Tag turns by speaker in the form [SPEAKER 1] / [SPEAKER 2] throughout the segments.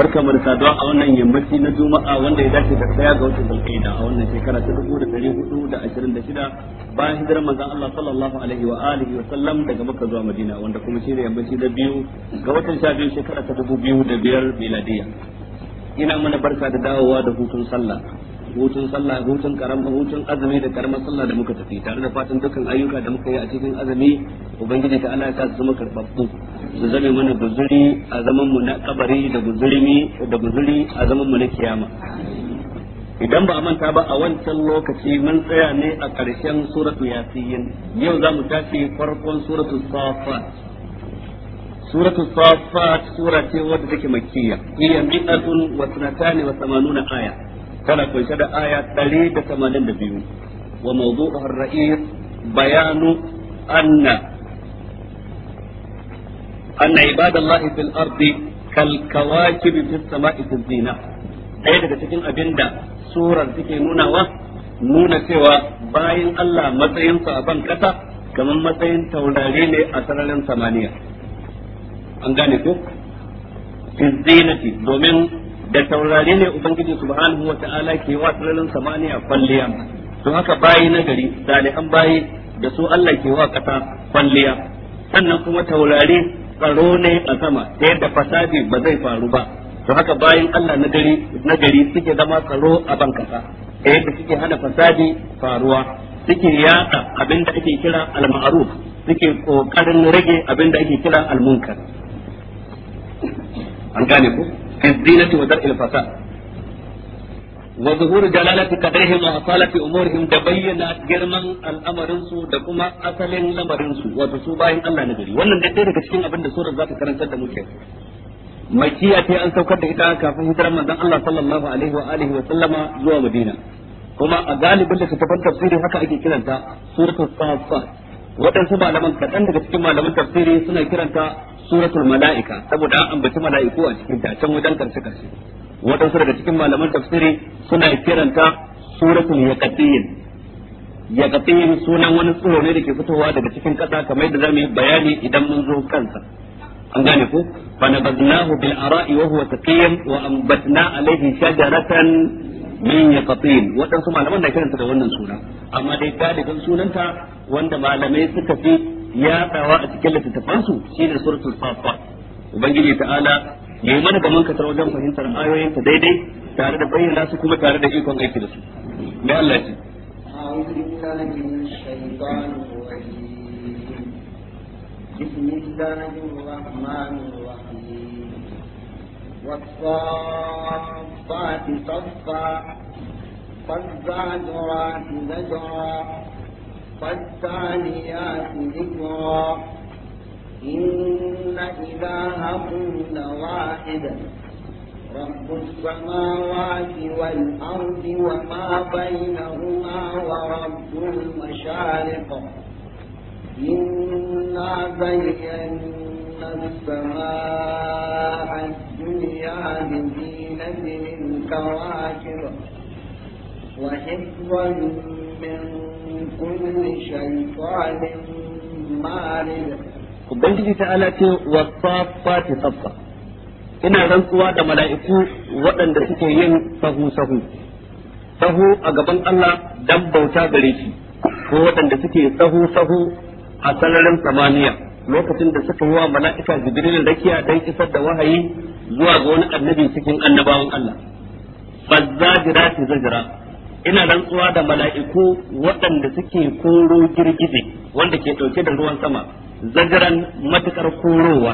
[SPEAKER 1] barka mu da saduwa a wannan yammaci na juma'a wanda ya dace da tsaya ga watan zulqa'ida a wannan shekara ta dubu da da da ɗari hudu ashirin shida bayan hijirar manzon Allah sallallahu alaihi wa alihi wa sallam daga Makka zuwa Madina wanda kuma shine yammaci na biyu ga watan biyu shekara ta dubu biyu da biyar miladiya ina mana barka da dawowa da hutun sallah hutun sallah hutun karama hutun azumi da karamar sallah da muka tafi tare da fatan dukkan ayyuka da muka yi a cikin azumi ubangiji ta Allah ya sa su zama karfafu su zame mana guzuri a zaman mu na kabari da guzuri da guzuri a zaman mu na kiyama idan ba a manta ba a wancan lokaci mun tsaya ne a ƙarshen suratu yasin yau za mu tashi farkon suratu safat suratu safat sura ce wadda take makkiya hiya mi'atun wa sanatani wa samanuna aya tana kunshe da aya 182 wa mawdu'uha ar-ra'is bayanu anna anna ibadallahi fil ardi kal kawakib fis sama'i tazina ɗaya daga cikin abinda surar take nunawa nuna cewa bayan Allah matsayinsa a ban kasa kamar matsayin taurari ne a sararin samaniya an gane ko zinati domin da taurare ne ubangiji subhanahu wa ta'ala ke wa sararin samaniya kwalliya don haka bayi na gari salihan bayi da su Allah ke wa kasa kwalliya sannan kuma taurare tsaro ne a sama ta yadda fasadi ba zai faru ba to haka bayan Allah na gari suke zama tsaro a ban kasa ta yadda suke hana fasadi faruwa suke yaka abin da ake kira al-ma'ruf suke kokarin rage abin da ake kira al-munkar بالزينة ودرء الفساد وظهور جلالة قدرهم وأصالة أمورهم تبين جرما الأمر سو دكما أصل الأمر سو وتصوبا الله نجري wannan da ɗaya daga cikin abin da surar za ta da muke makiya ta an saukar da ita kafin hijirar manzon Allah sallallahu alaihi wa alihi wa sallama zuwa Madina kuma a galibin da tafan tafsiri haka ake kiranta suratul saffat waɗansu malaman kaɗan daga cikin malaman tafsiri suna kiranta suratul mala'ika saboda an ambaci mala'iku a cikin ta can wajen karshe karshe wadansu daga cikin malaman tafsiri suna kiranta suratul yaqatin yaqatin sunan wani tsoro ne da ke fitowa daga cikin kasa kamar yadda zamu yi bayani idan mun zo kansa an gane ko fa nabadnahu bil ara'i wa huwa taqiyyan wa ambatna alayhi shajaratan min yaqatin wadansu malaman da kiranta da wannan suna amma dai galibin sunanta wanda malamai suka fi tsawa a cikin littattafansu shine suratul saffat ubangiji ta'ala ya yi mana mun katar wajen fahimtar ayoyin ta daidai tare da bayyana su kuma tare da ikon aiki da su
[SPEAKER 2] da Allah ce
[SPEAKER 3] بسم الله والصافات صفا فالزاجرات زجرا فالتاليات ذكرا إن إلهكم لواحد رب السماوات والأرض وما بينهما ورب المشارق إنا زينا السماء الدنيا بزينة الكواكب وحفظا
[SPEAKER 1] Ubangiji ta ala ce wa saffati saffa ina rantsuwa da mala'iku waɗanda suke yin sahu sahu sahu a gaban Allah dan bauta gare shi ko waɗanda suke sahu sahu a sararin samaniya lokacin da suka yi wa mala'ika jibril rakiya dan isar da wahayi zuwa ga wani annabi cikin annabawan Allah bazzajira zajira ina rantsuwa da mala'iku waɗanda suke koro girgije wanda ke ɗauke da ruwan sama zagaran matukar korowa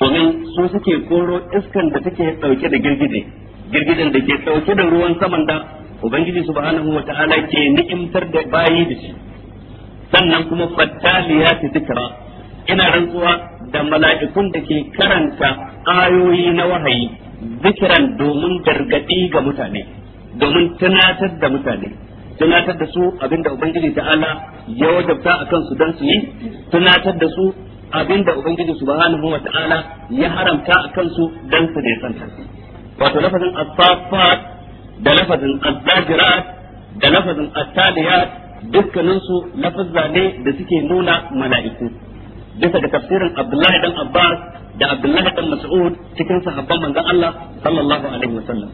[SPEAKER 1] domin su suke koro iskan da take ɗauke da girgije girgijen da ke ɗauke da ruwan saman da ubangiji subhanahu wa ta'ala ke ni'imtar da bayi da shi sannan kuma fattaliya ta tikira ina rantsuwa da mala'ikun da ke karanta ayoyi na wahayi zikiran domin gargaɗi ga mutane domin tunatar da mutane tunatar da su abinda ubangiji ta'ala ya wajabta akan su dan su yi tunatar da su abinda ubangiji subhanahu wa ta'ala ya haramta akan su dan su da santa wato lafazin as-saffat da lafazin az-zajirat da lafazin at-taliyat dukkanin su lafazza ne da suke nuna mala'iku bisa da tafsirin Abdullahi dan Abbas da Abdullahi dan Mas'ud cikin sahabban manzon Allah sallallahu alaihi wasallam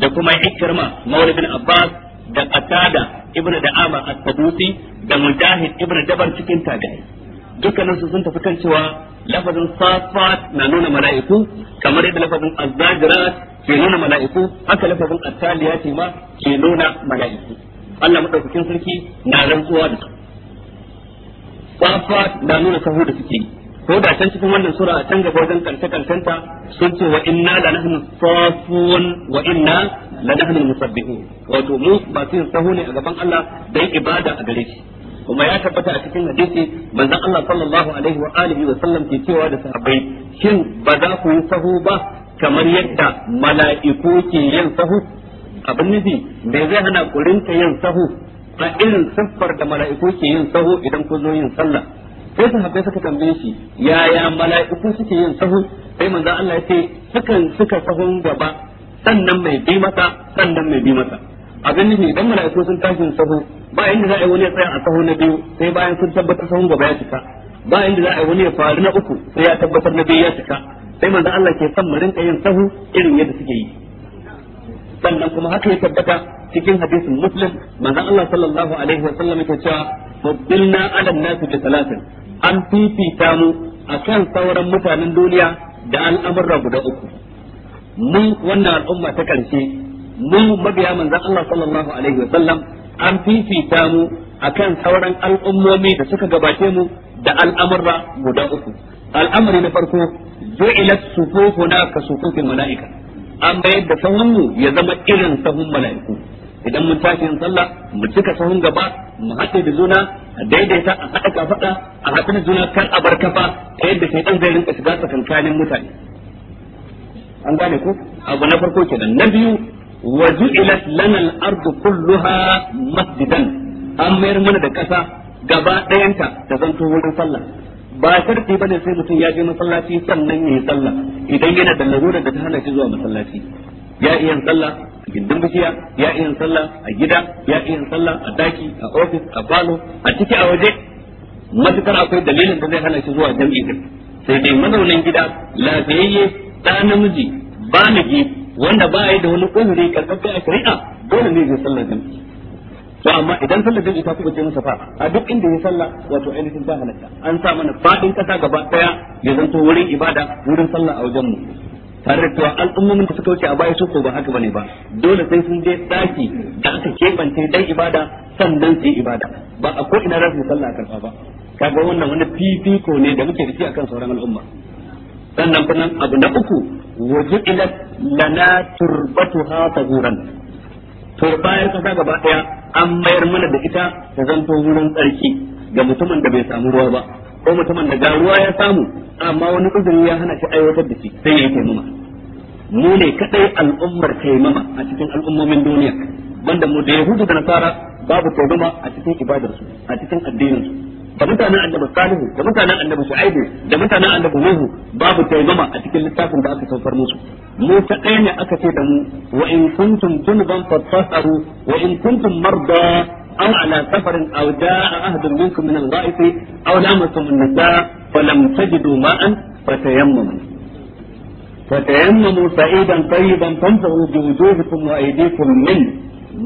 [SPEAKER 1] da kuma ikrama maula bin abbas da qatada ibnu da'ama at-tabusi da mujahid ibnu dabar cikin ta dukkanin su sun tafi kan cewa lafazin safat na nuna mala'iku kamar yadda lafazin azzajirat ke nuna mala'iku haka lafazin ce ma ke nuna mala'iku Allah madaukakin sarki na rantsuwa da su safat na nuna sahu da suke yi ko da can cikin wannan sura a can gaba wajen kanta kantanta sun ce wa inna la nahnu safun wa inna la nahnu musabbihun wato mu ba su sahu ne a gaban Allah dan ibada a gare shi kuma ya tabbata a cikin hadisi manzon Allah sallallahu alaihi wa alihi wa sallam ke cewa da sahabbai shin ba za ku yi sahu ba kamar yadda mala'iku ke yin sahu abin nufi me zai hana ku rinka yin sahu a irin siffar da mala'iku ke yin sahu idan ku zo yin sallah sai sahabbai suka tambaye shi yaya mala'iku suke yin sahu sai manzo Allah ya ce sukan suka sahun gaba sannan mai bi masa sannan mai bi masa abin nufi idan mala'iku sun tashi sahu ba inda za a yi wani ya tsaya a sahu na biyu sai bayan sun tabbatar sahun gaba ya cika ba inda za a yi wani ya faru na uku sai ya tabbatar na biyu ya cika sai manzo Allah ke san mu rinka yin sahu irin yadda suke yi sannan kuma haka ya tabbata cikin hadisin muslim manzon Allah sallallahu alaihi wa sallam yake cewa faddilna ala nasu bi salatin an fifita mu akan sauran mutanen duniya da al'amurra guda uku mu wannan al'umma ta karshe mu mabiya manzon Allah sallallahu alaihi wa sallam an fifita mu akan sauran al'ummomi da suka gabace mu da al'amurra guda uku al'amari na farko ju'ilat sufufuna ka sufufin mala'ika an bayar da sahunmu ya zama irin sahun mala'iku idan mun tashi yin sallah mu cika sahun gaba mu haɗe da juna a daidaita a haɗa kafaɗa a haɗu da juna kar a bar kafa ta yadda sai ɗan zai rinka shiga tsakankanin mutane an gane ku abu na farko kenan na biyu wa ju'ilat lana al-ardu kulluha masjidan an mayar mana da ƙasa gaba ɗayanta ta zanto wurin sallah ba sharti bane sai mutum ya je masallaci sannan yayi sallah idan yana da larurar da ta hana shi zuwa masallaci ya iya sallah a gindin bishiya ya iya sallah a gida ya iya sallah a daki a ofis a falo a ciki a waje matukar akwai dalilin da zai hana shi zuwa jam'i sai dai mazaunin gida lafiyayye da namiji baligi wanda ba yi da wani uzuri karɓaɓɓe a shari'a dole ne zai sallah jam'i to amma idan sallar jami'i ta kubuce masa fa a duk inda ya sallah wato ainihin ba halatta an sa mana fadin kasa gaba daya ya zanto wurin ibada wurin sallah a wajen mu tare da cewa al'ummomin da suka wuce a baya su ko ba haka bane ba dole sai sun je daki da aka kebance dan ibada sannan su ibada ba a ko ina za su sallah a karfa ba kaga wannan wani fifiko ne da muke da shi akan sauran al'umma sannan kuma abu na uku ila lana turbatuha taburan turbayar kasa gaba daya an mayar mana da ita ta zanto wurin tsarki ga mutumin da bai samu ruwa ba ko mutumin da ga ruwa ya samu amma wani uzuri ya hana shi aiwatar da shi sai ya yi taimama mu ne kadai al'ummar taimama a cikin al'ummomin duniya banda mu da yahudu da nasara babu taimama a cikin ibadarsu a cikin addininsu da mutanen annabi salihu da mutanen annabi shu'aibu da mutanen annabi nuhu babu taimama a cikin littafin da aka saukar musu mu ta ɗaya ne aka ce da mu wa in kuntum junuban fattasaru wa in kuntum marda aw ala safarin aw jaa ahadun minkum min al-ra'is aw lamastum an-nisa falam tajidu ma'an fa Fa fatayammamu فتيمموا سعيدا طيبا فامسحوا بوجوهكم وايديكم منه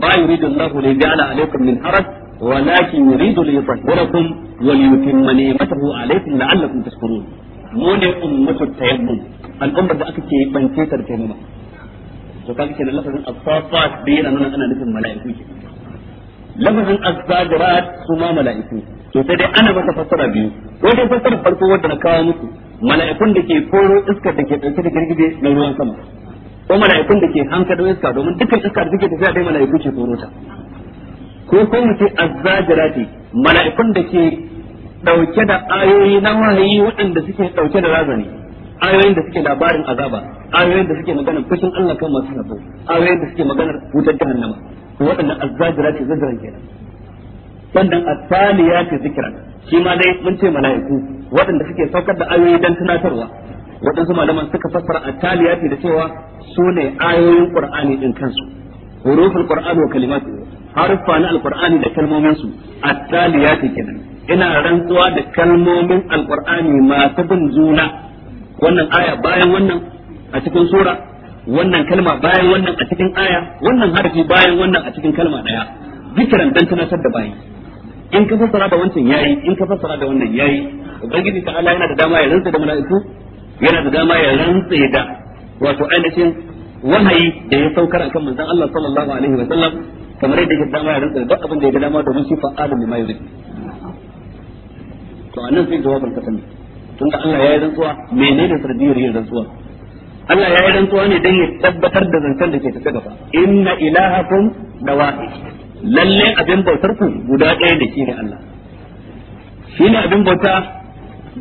[SPEAKER 1] ما يريد الله ليجعل عليكم من حرج walakin yuridu li yutahhirakum a li yutimma ni'matahu alaykum la'allakum tashkurun mu ne ummatu tayammum al'ummar da aka ce bance ta da tayammum to kaga kenan lafazin as-safat da yana nuna ana nufin mala'iku ke lafazin as-sajirat su ma mala'iku to sai dai ana masa fassara biyu ko dai fassara farko wanda na kawo muku mala'ikun da ke da ke dauke da girgije na ruwan sama ko mala'ikun da ke iska domin dukkan iska da take tafiya dai ce ko ko mu ce azzajirati mala'ikun da ke dauke da ayoyi na wahayi waɗanda suke dauke da razani ayoyin da suke labarin azaba ayoyin da suke magana fushin Allah kan masu sabo ayoyin da suke magana wutar jahannama to waɗannan azzajirati zazzaran kenan asaliya ce zikira. shi ma dai mun ce mala'iku waɗanda suke saukar da ayoyi dan tunatarwa waɗansu malaman suka fassara ce da cewa su ne ayoyin qur'ani din kansu huruful qur'ani wa kalimatu harfa na alqur'ani da kalmomin su at-taliyati kenan ina rantsuwa da kalmomin alqur'ani masu bin juna wannan aya bayan wannan a cikin sura wannan kalma bayan wannan a cikin aya wannan harfi bayan wannan a cikin kalma daya zikiran dan tunatar da bayi in ka fassara da wancan yayi in ka fassara da wannan yayi ubangiji ta Allah yana da dama ya rantsa da mala'iku yana da dama ya rantsa da wato ainihin wahayi da ya saukar akan manzon Allah sallallahu alaihi wa sallam kamar yadda yake dama ya rinka duk abin da ya ga dama domin shi fa'alun lima yurid to anan sai jawabin ka sani tun da Allah ya yi rantsuwa menene sardiyar yin rantsuwa Allah ya yi rantsuwa ne dan ya tabbatar da zancen da ke tafe gaba inna ilahakum lawahid lalle abin bautar ku guda ɗaya da ne Allah shi ne abin bauta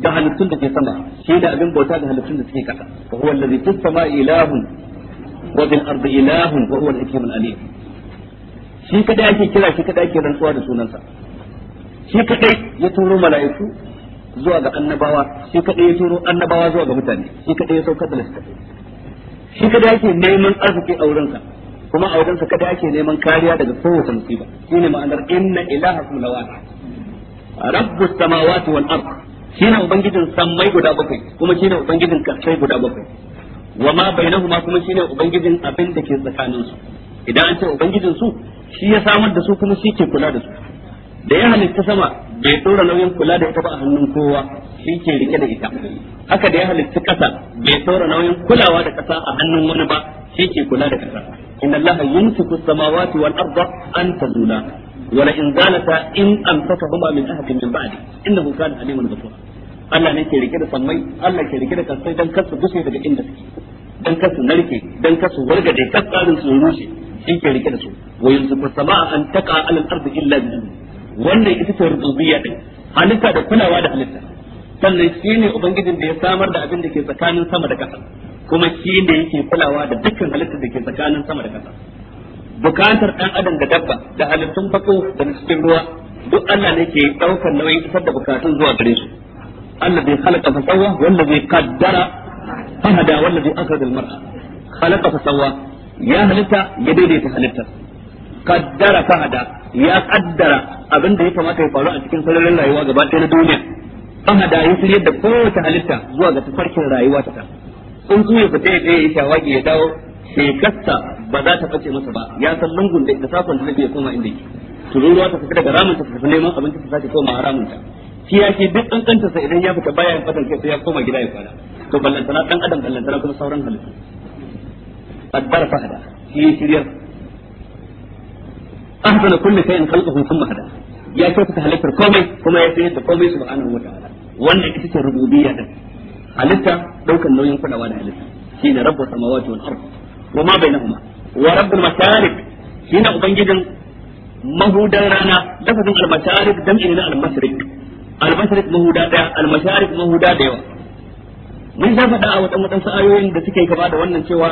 [SPEAKER 1] da halittun da ke sama shi ne abin bauta da halittun da suke kasa fa huwa allazi fis ilahun wa bil ardi ilahun wa huwa al-hakim alim shi kadai ake kira shi kadai ake rantsuwa da sunansa shi kadai ya turo mala'iku zuwa ga annabawa shi kadai ya turo annabawa zuwa ga mutane shi kadai ya saukar da lissafi shi kadai ake neman arziki a wurinsa kuma a wajensa kadai ake neman kariya daga kowace musiba shine ma'anar inna ilaha lawahid rabbus samawati wal ard shine ubangijin sammai guda bakwai kuma shine ubangijin kasai guda bakwai wa ma bainahuma kuma shine ubangijin abin da ke tsakaninsu idan an ce ubangijin su shi ya samar da su kuma shi ke kula da su da ya halitta sama bai dora nauyin kula da ita ba a hannun kowa shi ke rike da ita haka da ya halitta kasa bai dora nauyin kulawa da kasa a hannun wani ba shi ke kula da kasa inna allaha yumsiku samawati wal arda an tazula wala in zalata in amsakahuma min ahadin min ba'di innahu kana alimun ghafura Allah ne ke rike da sammai Allah ke rike da kasai dan kasu gushe daga inda suke dan kasu narke dan kasu wargade kasarin su rushe yake rike da su wa yumsiku samaa an taqa ala al-ardi illa bi wannan ita ce rububiyya din halitta da kulawa da halitta sannan shi ne ubangijin da ya samar da abin da ke tsakanin sama da ƙasa kuma shi ne yake kulawa da dukkan halittar da ke tsakanin sama da ƙasa bukatar dan adam da dabba da halittun fako da cikin ruwa duk Allah ne ke daukar nauyin isar da bukatun zuwa gare su Allah bai halaka fasawa wanda bai kaddara fahada wanda bai akhrajal mar'a khalaqa fasawa ya halitta ya daidaita halittar kaddara fahada ya kaddara abin da ya kamata ya faru a cikin sararin rayuwa gaba ɗaya na duniya fahada ya shirya da kowace halitta zuwa ga tafarkin rayuwa ta sun zo ya fita ya je ya ya dawo shekarsa ba za ta ɓace masa ba ya san lungun da ita safon da ya koma inda yake tururuwa ta tafi daga ramin ta tafi neman abinci ta sake koma ramin ta shi ya ce duk kankanta idan ya fita baya fatan kai sai ya koma gida ya kwana to ballantana ɗan adam ballantana kuma sauran halittu qaddara fa hada shi shiryar ahsana kulli shay'in khalqahu thumma hada ya kyautata halittar komai kuma ya shirya da komai subhanahu wa ta'ala wannan ita ce rububiyya din halitta daukan nauyin kulawa da halitta shine rabbus samawati wal ard wa ma bainahuma wa rabbul masharik shine ubangijin mahudan rana lafazin al masharik jam'i ne na al masrik al masrik mahuda da yawa mun sha faɗa a wadan ayoyin da suke gaba da wannan cewa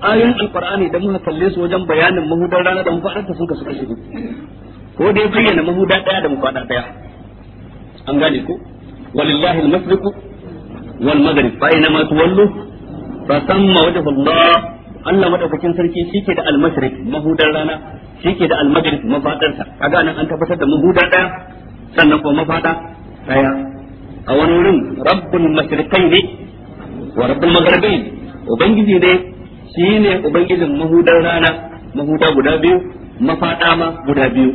[SPEAKER 1] ayoyin alqur'ani da muka kalle su wajen bayanin mahudar rana da mafadar ta sun kasu kashi ko dai bayyana mahuda daya da mafada daya an gane ko walillahi al-mashriqu wal maghrib fa ina ma tuwallu fa thamma wajhu Allah Allah madaukakin sarki shike da al-mashriq mahudan rana shike da al-maghrib mafadar ta kaga nan an tabbatar da mahuda daya sannan ko mafada daya a wani wurin rabbul masrikaini wa rabbul maghribain ubangiji ne ne ubangijin mahudar rana mahuda guda biyu mafaɗa ma guda biyu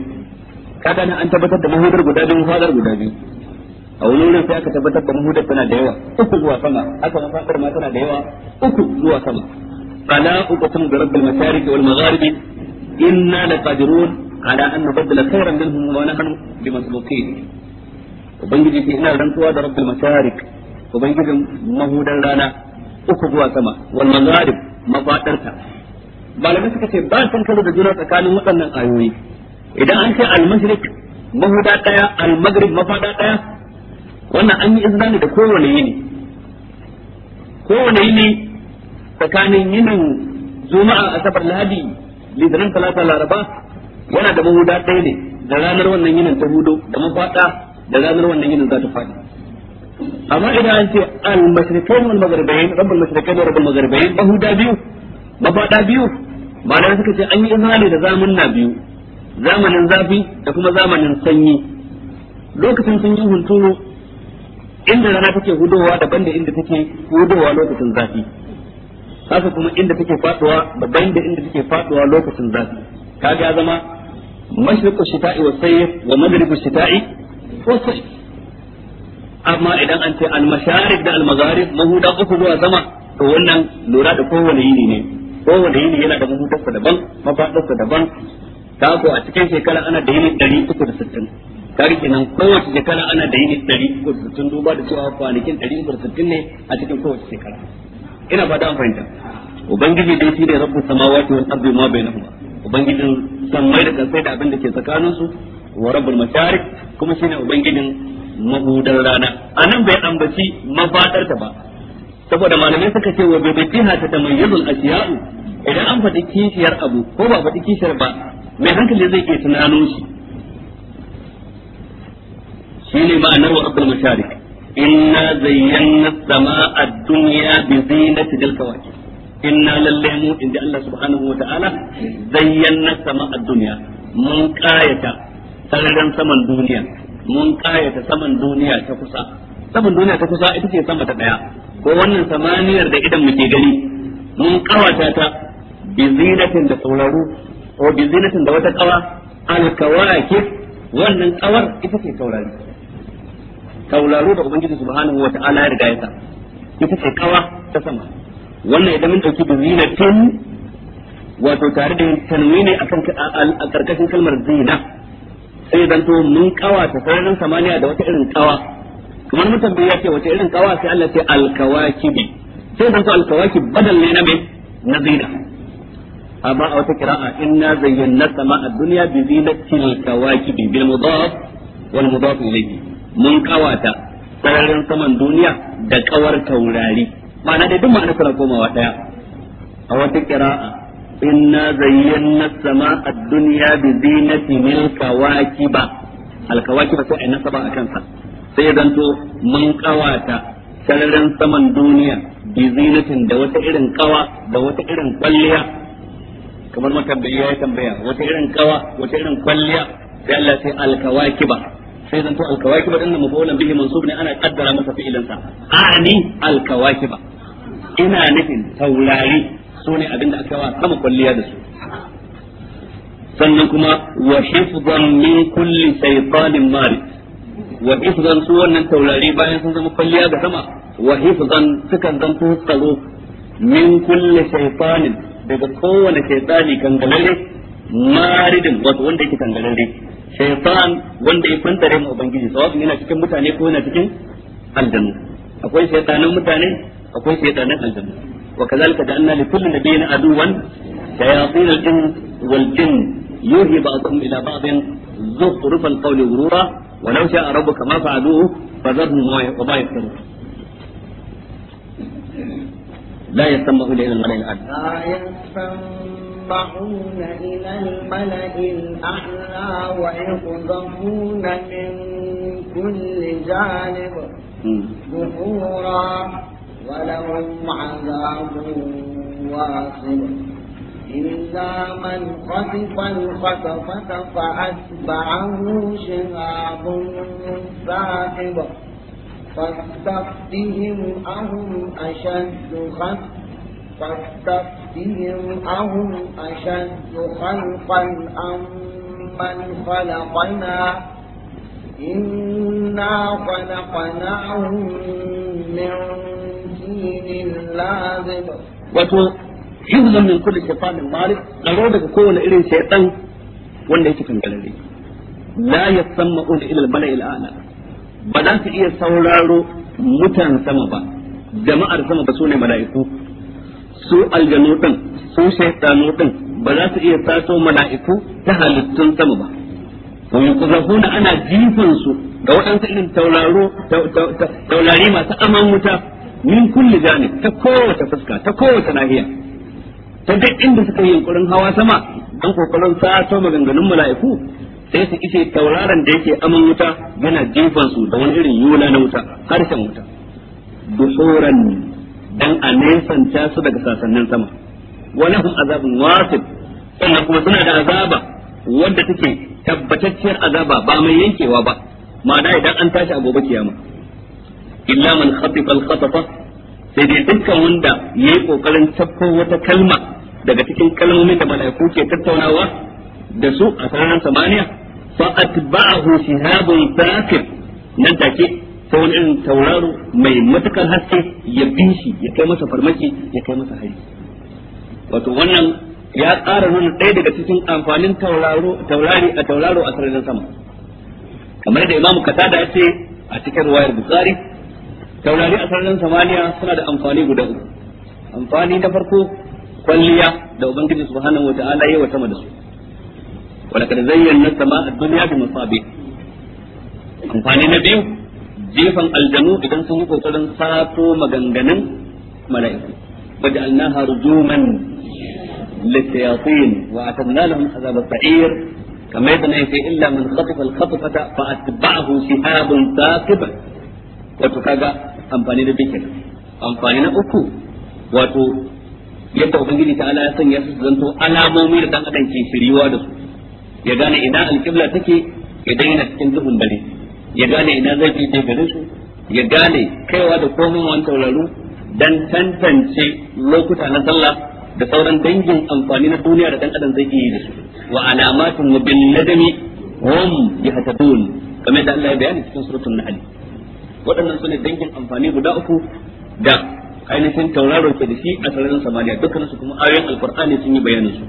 [SPEAKER 1] kaga na an tabbatar da mahudar guda biyu mafaɗar guda biyu a wani wurin sai aka tabbatar da mahudar tana da yawa uku zuwa sama aka mafaɗar ma tana da yawa uku zuwa sama ala uqsimu bi rabbil mashariki wal magharibi inna laqadirun ala an nubaddila khayran minhum wa nahnu bimasbuqin ubangiji sai ina rantsuwa da rabbil masharik ubangijin mahudan rana uku zuwa sama wal magharib mafadarta malamai suka ce ba san kalu da juna tsakanin waɗannan ayoyi idan an ce al mahuda ɗaya al mafaɗa ɗaya wannan an yi izini da kowane yini kowane yini tsakanin yinin juma'a asabar lahadi litinin talata laraba yana da mahuda ɗaya ne da ranar wannan yinin ta hudu da mafaɗa da ranar wannan yinin za ta faɗi amma idan an ce al-mashriqain wal maghribain rabbul mashriqain wa rabbul maghribain huda biyu ba fada biyu malamai suka ce an yi imani da na biyu zamanin zafi da kuma zamanin sanyi lokacin sun yi hunturu inda rana take hudowa daban da inda take hudowa lokacin zafi haka kuma inda take faduwa daban da inda take faduwa lokacin zafi kaga ga zama mashriqu shita'i wa sayf wa maghribu shita'i wa amma idan an ce al-masharik da al-magharib mahuda uku zuwa sama to wannan lura da kowane yini ne kowane yini yana da mahudarsa daban mafadarsa daban ta ko a cikin shekara ana da yini 360 kari kenan kowace shekara ana da yini 360 duba da cewa kwanakin 360 ne a cikin kowace shekara ina fata an fahimta ubangiji dai shi ne rabbu samawati wal ardi ma bainahuma ubangijin mai da kai da abin da ke tsakaninsu wa rabbul masharik kuma shine ubangijin mabudan rana anan bai ambaci mafadar ta ba saboda malamai suka ce wa fiha ta ta tamayyuzul ashiya'u idan an faɗi kishiyar abu ko ba faɗi kishiyar ba mai hankali zai iya tunano
[SPEAKER 4] shi ne ma'anar wa abdul
[SPEAKER 1] masharik inna zayyana sama'a ad-dunya bi zinati dil inna lallai mu inda Allah subhanahu wa ta'ala zayyana sama'a ad-dunya mun kayata sararin saman duniya mun ƙayata saman duniya ta kusa saman duniya ta kusa ita ce sama ta daya ko wannan samaniyar da idan muke gani mun kawata ta bi zinatin da sauraro ko bi zinatin da wata kawa alkawakib wannan kawar ita ce taurari tauraro da ubangiji subhanahu wata'ala ya riga ya sa ita ce kawa ta sama wannan idan mun dauki bi zinatin wato tare da tanwini akan a karkashin kalmar zina sai zan to mun kawata sararin samaniya da wata irin kawa kamar mutum bai ya ce wata irin kawa sai Allah ce alkawakibi sai zan to alkawakib badal ne na mai na zina amma a wata kira'a inna zayyana a duniya bi zinatil kawakibi bil mudaf wal mudaf ilayhi mun kawata sararin saman duniya da kawar taurari ma'ana da duk ma'ana suna komawa daya a wata kira'a inna zayyana sama'a a duniya bi zinati mil kawakiba al-kawakiba sai ai nasaba akan sa sai to mun kawata sararin saman duniya bi zinatin da wata irin kawa da wata irin kwalliya kamar matabbiya ya tambaya wata irin kawa wata irin kwalliya sai Allah sai al-kawakiba sai zanto al-kawakiba din mafaulan bihi mansub ne ana kaddara masa fi'ilan sa ani al-kawakiba ina nufin taurari su ne abin da aka wa sama kwalliya da su sannan kuma wa hifzan min kulli shaytanin mari wa hifzan su wannan
[SPEAKER 4] taurari bayan sun zama
[SPEAKER 1] kwalliya da sama wa hifzan sukan zanto tsaro min kulli shaytanin daga kowane shaytani kangalare
[SPEAKER 4] maridin
[SPEAKER 1] wato wanda yake kangalare shaytan wanda ya fantare mu ubangiji sawabin yana cikin mutane ko yana cikin aljanu akwai shaytanan mutane akwai shaytanan aljanu وكذلك جعلنا لكل نبي عدوا شياطين الجن والجن يوهي بعضهم إلى بعض زخرف القول غرورا ولو شاء ربك ما فعلوه فذرهم وما يفترون لا يسمعون إلى الملأ الأعلى
[SPEAKER 3] لا يسمعون إلى الملأ الأعلى ويقضمون من كل جانب ظهورا ولهم عذاب واصب إلا من خطف الخطفة فأتبعه شهاب ثاقب فاستفتهم أهم أشد خطفا فاستفتهم أهم أشد خلقا أم من خلقنا إنا خلقناهم من
[SPEAKER 1] wato hifzun min kulli shaytanin malik tsaro daga kowane irin shaytan wanda yake kangalare la yasamma'un ila al-bala'il a'la ba za su iya sauraro mutan sama ba jama'ar sama ba sune mala'iku su aljanu din su shaytanu din ba za su iya sato mala'iku ta halittun sama ba to yuqzafuna ana jifan su ga waɗansu irin tauraro taurari masu aman wuta min kulli janib ta kowace fuska ta kowace nahiya ta duk inda suka yi yunkurin hawa sama dan kokarin ma maganganun mala'iku sai su kice tauraron da yake aman wuta yana jifan su da wani irin yula na wuta harshen wuta dusuran dan a nesanta su daga sasannin sama wani azabun wasif sannan kuma suna da azaba wanda take tabbatacciyar azaba ba mai yankewa ba ma'ana idan an tashi a gobe kiyama illa man khatifa al-khatafa sai dai dukkan wanda yayi kokarin tafko wata kalma daga cikin kalmomin da malaiku ke tattaunawa da su a sararin samaniya fa atba'ahu shihabun thaqib nan take sai wani irin tauraro mai matukar haske ya bi ya kai masa farmaki ya kai masa hari wato wannan ya ƙara nuna ɗaya daga cikin amfanin tauraro taurari a tauraro a sararin sama kamar da imamu kasada ya ce a cikin wayar bukhari taurari a sararin samaniya suna da amfani guda uku amfani na farko kwalliya da ubangiji subhanahu wataala yi wa sama da su walaqad zayyana as-samaa'a ad-dunya bi masabih amfani na biyu jefan aljanu idan sun yi kokarin sato maganganun mala'iku waj'alnaha rujuman للشياطين وأعتدنا لهم عذاب السعير كما يدنا في إلا من خطف الخطفة فأتبعه شهاب ثاقبا kaga. amfani na bikin amfani na uku wato yadda ubangiji ta ala ya sanya su zanto alamomi da dan adam ke shiriwa da su ya gane ina alƙibla take idan yana cikin duhun dare ya gane ina zai ke garin su ya gane kaiwa da wani tauraro dan tantance lokuta na sallah da sauran dangin amfani na duniya da dan adam zai yi da su wa alamatun wa bin nadami hum yahtadun kamar da Allah ya bayani cikin suratul nahl waɗannan su ne dangin amfani guda uku da ainihin tauraron ke da shi a sararin samaniya dukkanin su kuma ayoyin alqur'ani sun yi bayanin su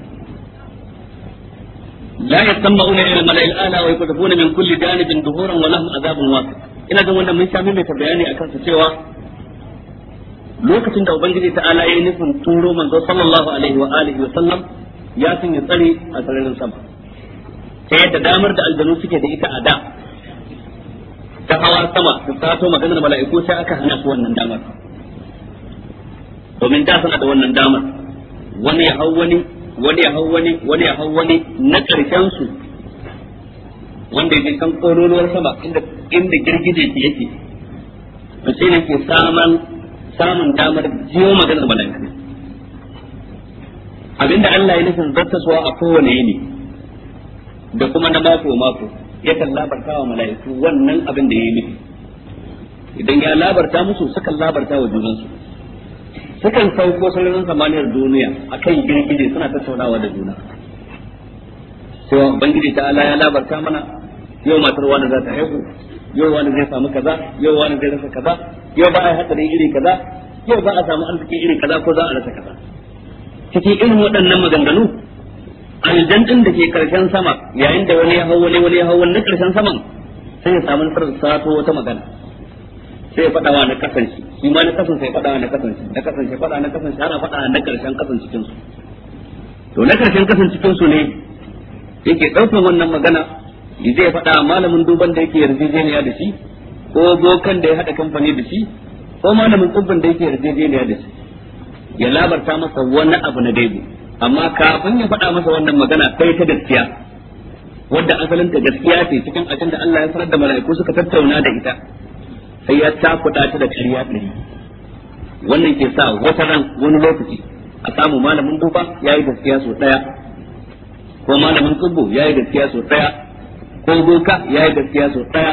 [SPEAKER 1] la yasma'una ila mala'il ala wa yakutubuna min kulli janibin duhuran wa lahum adabun wasu. ina ga wannan mun sha mai bayani akan su cewa lokacin da ubangiji ta ya yi nufin turo manzo sallallahu alaihi wa alihi wa sallam ya sanya tsare a sararin sama ta yadda damar da aljanu suke da ita a da
[SPEAKER 2] ta hawa sama su fato
[SPEAKER 1] maganar mala'iku sai aka hana su wannan damar domin da suna da wannan damar wani ya hau wani wani ya hau wani wani ya hau wani na karshen su wanda yake kan kororuwar sama inda inda girgije shi yake to sai ne ke samun samun damar jiyo maganar mala'iku abinda Allah ya nufin zartaswa a kowane yini da kuma na mako mako yakan labarta wa mala'iku wannan abin da ya yi miki idan ya labarta musu sukan labarta wa junansu sukan sauko sararin samaniyar duniya akan girgije suna tattaunawa da juna sai ubangiji ta ala ya labarta mana yau matar wani za ta haihu yau wani zai samu kaza yau wani zai rasa kaza yau ba a da iri kaza yau za a samu arziki iri kaza ko za a rasa kaza cikin irin waɗannan maganganu aljan din da ke karshen sama yayin da wani ya hau wani wani ya hau wani karshen saman sai ya samu nasarar sato wata magana sai ya faɗa wa na kasance shi ma na kasance ya faɗa wa na kasance na kasance faɗa na kasance ana faɗa na karshen kasan cikin su to na karshen kasan cikin su ne yake ɗaukar wannan magana da zai faɗa malamin duban da yake yarjejeniya da shi ko bokan da ya haɗa kamfani da shi ko malamin tsubban da yake yarjejeniya da shi ya labarta masa wani abu na daidai amma kafin ya faɗa masa wannan magana sai ta gaskiya wanda asalin ta gaskiya ce cikin abin da Allah ya sanar da mala'iku suka tattauna da ita sai ya takuɗa ta da ƙarya ɗari wannan ke sa wata ran wani lokaci a samu malamin duba ya yi gaskiya sau ɗaya ko malamin tsibbo ya yi gaskiya sau ɗaya ko doka ya yi gaskiya sau ɗaya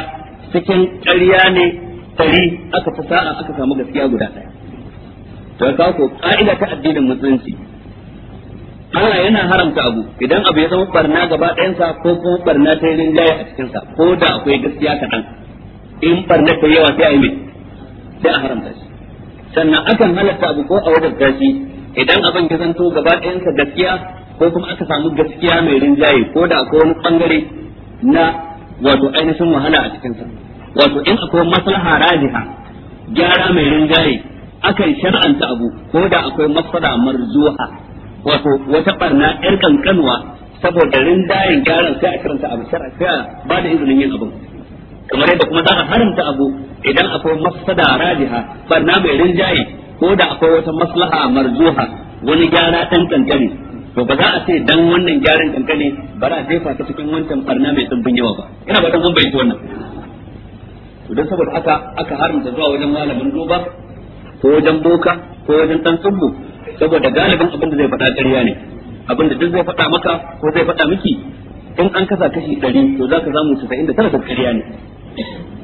[SPEAKER 1] cikin ƙarya ne ɗari aka fi sa'a aka samu gaskiya guda ɗaya to ka ko ka'ida ta addinin musulunci Allah yana haramta abu idan abu ya zama barna gaba ɗayansa ko kuma barna ta yi jaye a cikinsa ko da akwai gaskiya kaɗan in barna ta yawa sai a yi mai sai a haramta shi sannan akan halatta abu ko a wajen gashi idan abin ya zanto gaba ɗayansa gaskiya ko kuma aka samu gaskiya mai rinjaye ko da akwai wani bangare na wato ainihin wahala a cikinsa wato in akwai maslaha rajiha gyara mai rinjaye akan shar'anta abu ko da akwai maslaha marzuha wato wata barna yar kankanwa saboda dayin gyaran sai a karanta abu shar'a sai a ba da izinin yin abin kamar yadda kuma za a haramta abu idan akwai mafsada rajiha barna mai rinjaye ko da akwai wata maslaha marzuha wani gyara dan kankani to ba za a ce dan wannan gyaran kankani ba za a jefa ta cikin wancan barna mai tsumbin yawa ba ina ba dan mun bayyana wannan to dan saboda aka haramta zuwa wajen malamin duba ko wajen boka ko wajen ɗan tsubbu saboda galibin abin da zai faɗa ƙarya ne abin da duk zai faɗa maka ko zai faɗa miki in an kasa kashi ɗari to za ka samu casa'in da tara da ƙarya ne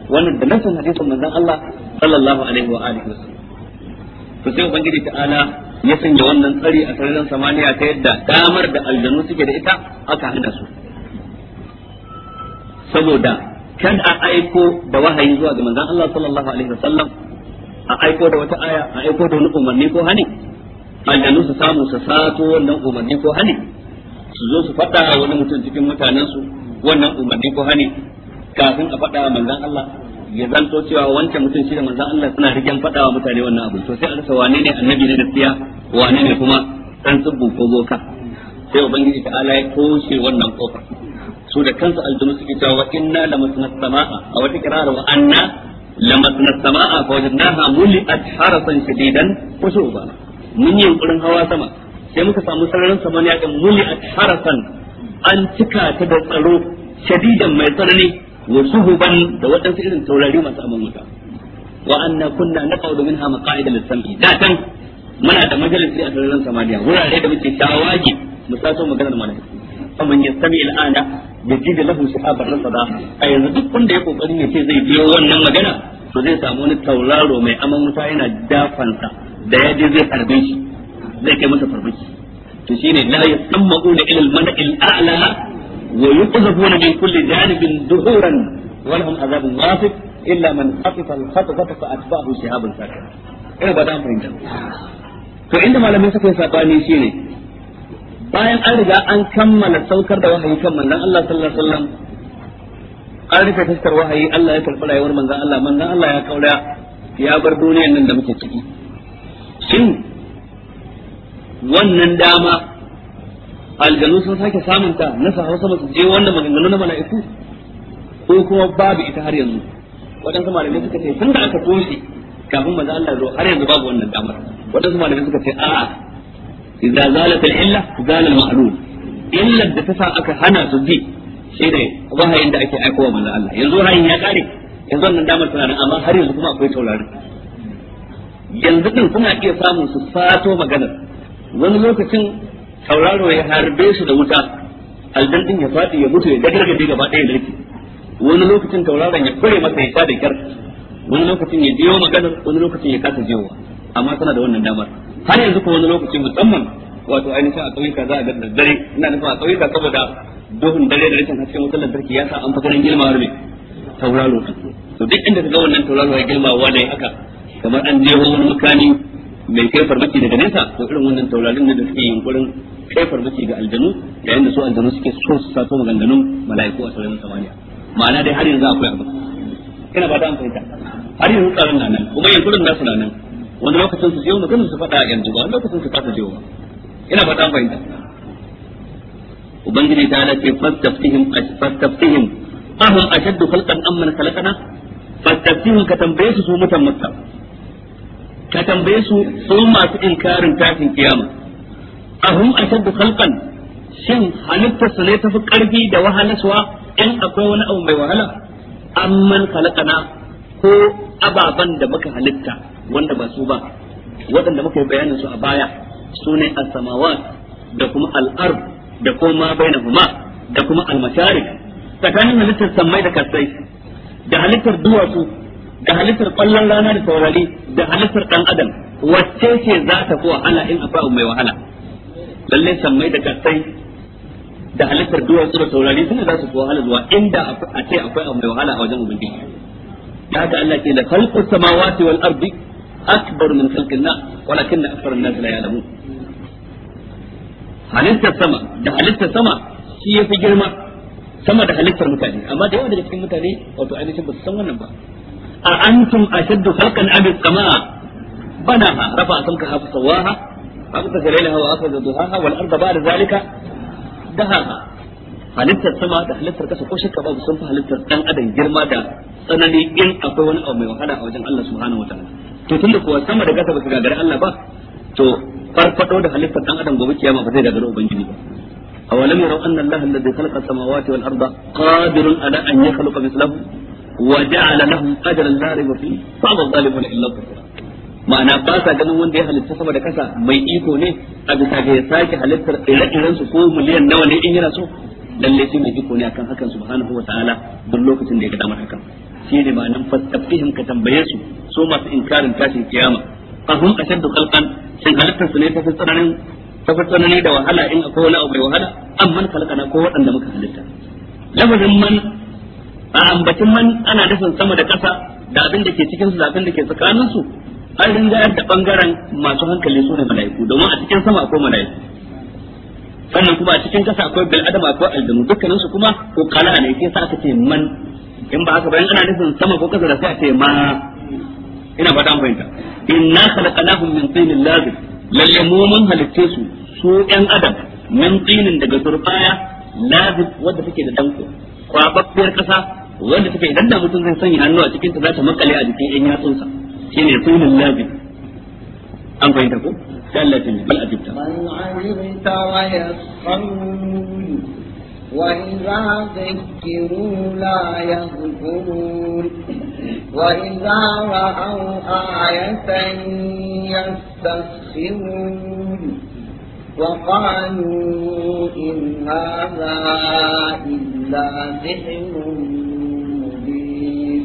[SPEAKER 1] wannan da nan san hadisin manzon Allah sallallahu alaihi wa alihi wasallam to sai ubangiji ta'ala ya sanya wannan tsari a sararin samaniya ta yadda damar da aljanu suke da ita aka hana su saboda kan a aiko da wahayi zuwa ga manzon Allah sallallahu alaihi wasallam a aiko da wata aya a aiko da wani umarni ko hani aljanu su samu su sato wannan umarni ko hani su zo su faɗa wani mutum cikin mutanensu wannan umarni ko hani kafin a faɗa manzon Allah ya zanto cewa wancan mutum shi da manzon Allah suna rigen faɗa wa mutane wannan abu to sai a rasa wane ne annabi ne gaskiya wane ne kuma dan tsubbu ko boka sai ubangiji ta ala ya toshe wannan kofa. su da kansu aljanu suke cewa wa inna lamasna samaa a wata kirara wa anna lamasna samaa fa wajadnaha muli'at harasan shadidan kusuba mun yi yunkurin hawa sama sai muka samu sararin samaniya da muli a harasan an cika ta da tsaro shadidan mai tsanani wa suhuban da waɗansu irin taurari masu aman wuta wa anna kunna naqaudu minha maqa'ida lis-sam'i da tan muna da majalisi a sararin samaniya wurare da muke shawagi mu sato maganar malaiku faman yastami al-ana yajid lahu shihaban rasada a yanzu duk wanda ya kokarin ya ce zai biyo wannan magana to zai samu wani tauraro mai aman wuta yana dafansa da ya je zai harbe shi zai kai masa farmaki to shine la yasammauna ila al-mana'il a'la wa yuqzafuna min kulli janibin duhuran wa lahum azabun wafiq illa man khatafa al-khatfa fa atba'ahu shihabun sakar ina ba ta fahimta to inda malamai suka yi sabani shine bayan an riga an kammala saukar da wahayi kan manzon Allah sallallahu alaihi wasallam an rufe fuskar wahayi Allah ya karɓi rayuwar manzon Allah manzon Allah ya kaura ya bar duniyar nan da muke ciki shin wannan dama aljanu sun sake samun ta na sa hausa su je wannan maganganu na mala'iku ko kuma babu ita har yanzu waɗansu malamai suka ce tun da aka toshe kafin maza Allah zo har yanzu babu wannan damar waɗansu malamai suka ce a'a idza zalat al-illa zala al malum illa da ta sa aka hana su bi shine wahayin da ake aikowa manzo Allah yanzu wahayin ya kare yanzu wannan damar tana nan amma har yanzu kuma akwai taurarin yanzu din kuna iya samun su fato magana. wani lokacin tauraro ya harbe su da wuta aljan din ya faɗi ya mutu ya bi gaba ɗaya narki wani lokacin tauraron ya kure masa ya sha da kyar wani lokacin ya biyo magana wani lokacin ya kasa jiyowa amma tana da wannan damar har yanzu ko wani lokacin musamman wato ainihin a ƙauyuka za a ga dare ina nufin a ƙauyuka saboda duhun dare da rashin hasken wutar lantarki ya sa an fi ganin har mai tauraro to duk inda ka ga wannan tauraro ya wa ne haka kamar an je wani mutane mai kai farmaki daga nesa to irin wannan taurarin ne da suke yunkurin kai farmaki ga aljanu yayin da su aljanu suke so su sato maganganun mala'iku a sararin samaniya
[SPEAKER 2] ma'ana dai har yanzu
[SPEAKER 1] akwai abu Kina ba ta an fahimta har yanzu tsarin na nan kuma yunkurin nasu na nan wani lokacin su je wani ganin su faɗa a yanzu ba wani lokacin su kasa je Kina ba ta an fahimta ubangiji ta ala ce fastaftihim fastaftihim ahum ashaddu khalqan amman khalaqana fastaftihim ka tambaye su su mutan makka ka tambaye su su masu inkarin tashin kiyama ahum ashaddu khalqan shin halittar su ne tafi karfi da wahalaswa in akwai wani abu mai wahala amman khalaqana ko ababan da muka halitta wanda ba su ba waɗanda muka yi bayanin su a baya su ne as-samawat da kuma al-ard da kuma bainahuma da kuma al-masharik tsakanin halittar sammai da kasai da halittar duwatsu da halittar kwallon rana da saurari da halittar dan adam wacce ce za ta fi wahala in akwai mai wahala lalle sammai da kasai da halittar duwatsu da saurari suna za su fi wahala zuwa inda a ce akwai mai wahala a wajen ubangiji da haka Allah ke da khalqus samawati wal ardi akbar min khalqin nas walakin akthar an-nas la ya'lamun halittar sama da halittar sama shi yafi girma sama da halittar mutane amma da yawa daga cikin mutane wato ainihin ba su san wannan ba a antum ashaddu khalqan am as-samaa banaha rafa'a samkaha fa sawaha abta jalalaha wa akhadha duhaha wal arda ba'da zalika dahaha halittar sama da halittar kasa ko shakka babu sun fi halittar dan adam girma da tsanani in akwai wani abu mai wahala a wajen Allah subhanahu wataala to tunda kuwa sama da kasa ba su gagari Allah ba to farfado da halittar dan adam gobe kiyama ba zai gagari ubangiji ba awalam yarau anna Allah alladhi khalaqa as-samawati wal arda qadirun ala an yakhluqa mithlahum وجعل لهم أجرا لا ريب فيه فما الظالمون إلا كفرا ma'ana ba sa ganin wanda ya halitta sama da kasa mai iko ne a bisa ga ya sake halittar ire-iren su ko miliyan nawa ne in yana so lalle shi mai iko ne akan hakan subhanahu wa ta'ala duk lokacin da ya gada mata hakan shi ne ma'anan fastafihim ka tambaye su so masu inkarin tashin kiyama fahim ashaddu kalkan shin halittar su ne ta fi tsananin tsanani da wahala in akwai wani abu mai wahala amman khalqana ko waɗanda muka halitta lafazin man a ambacin man ana nufin sama da ƙasa da abin da ke cikin su da abin da ke tsakanin su an rinjayar da bangaren masu hankali su ne mala'iku domin a cikin sama akwai mala'iku sannan kuma a cikin ƙasa akwai bil adam akwai aljanu dukkanin su kuma ko kala ne ke sa aka ce man in ba haka ba ana nufin sama ko ƙasa da sai a ce ma ina fata an fahimta inna khalaqnahum min tinin lazim lalle mu mun halitte su su adam min tinin daga turbaya lazim wanda take da danko kwababbiyar kasa wanda take idan da mutum zai sanya hannu a cikin ta za ta makale a jikin yan yatsunsa shine sunan labi an fahimta ko sai Allah ya bal ajibta
[SPEAKER 3] wa yasqun وإذا ذكروا لا يذكرون وإذا رأوا آية يستسخرون وقالوا إن هذا إلا سحر مبين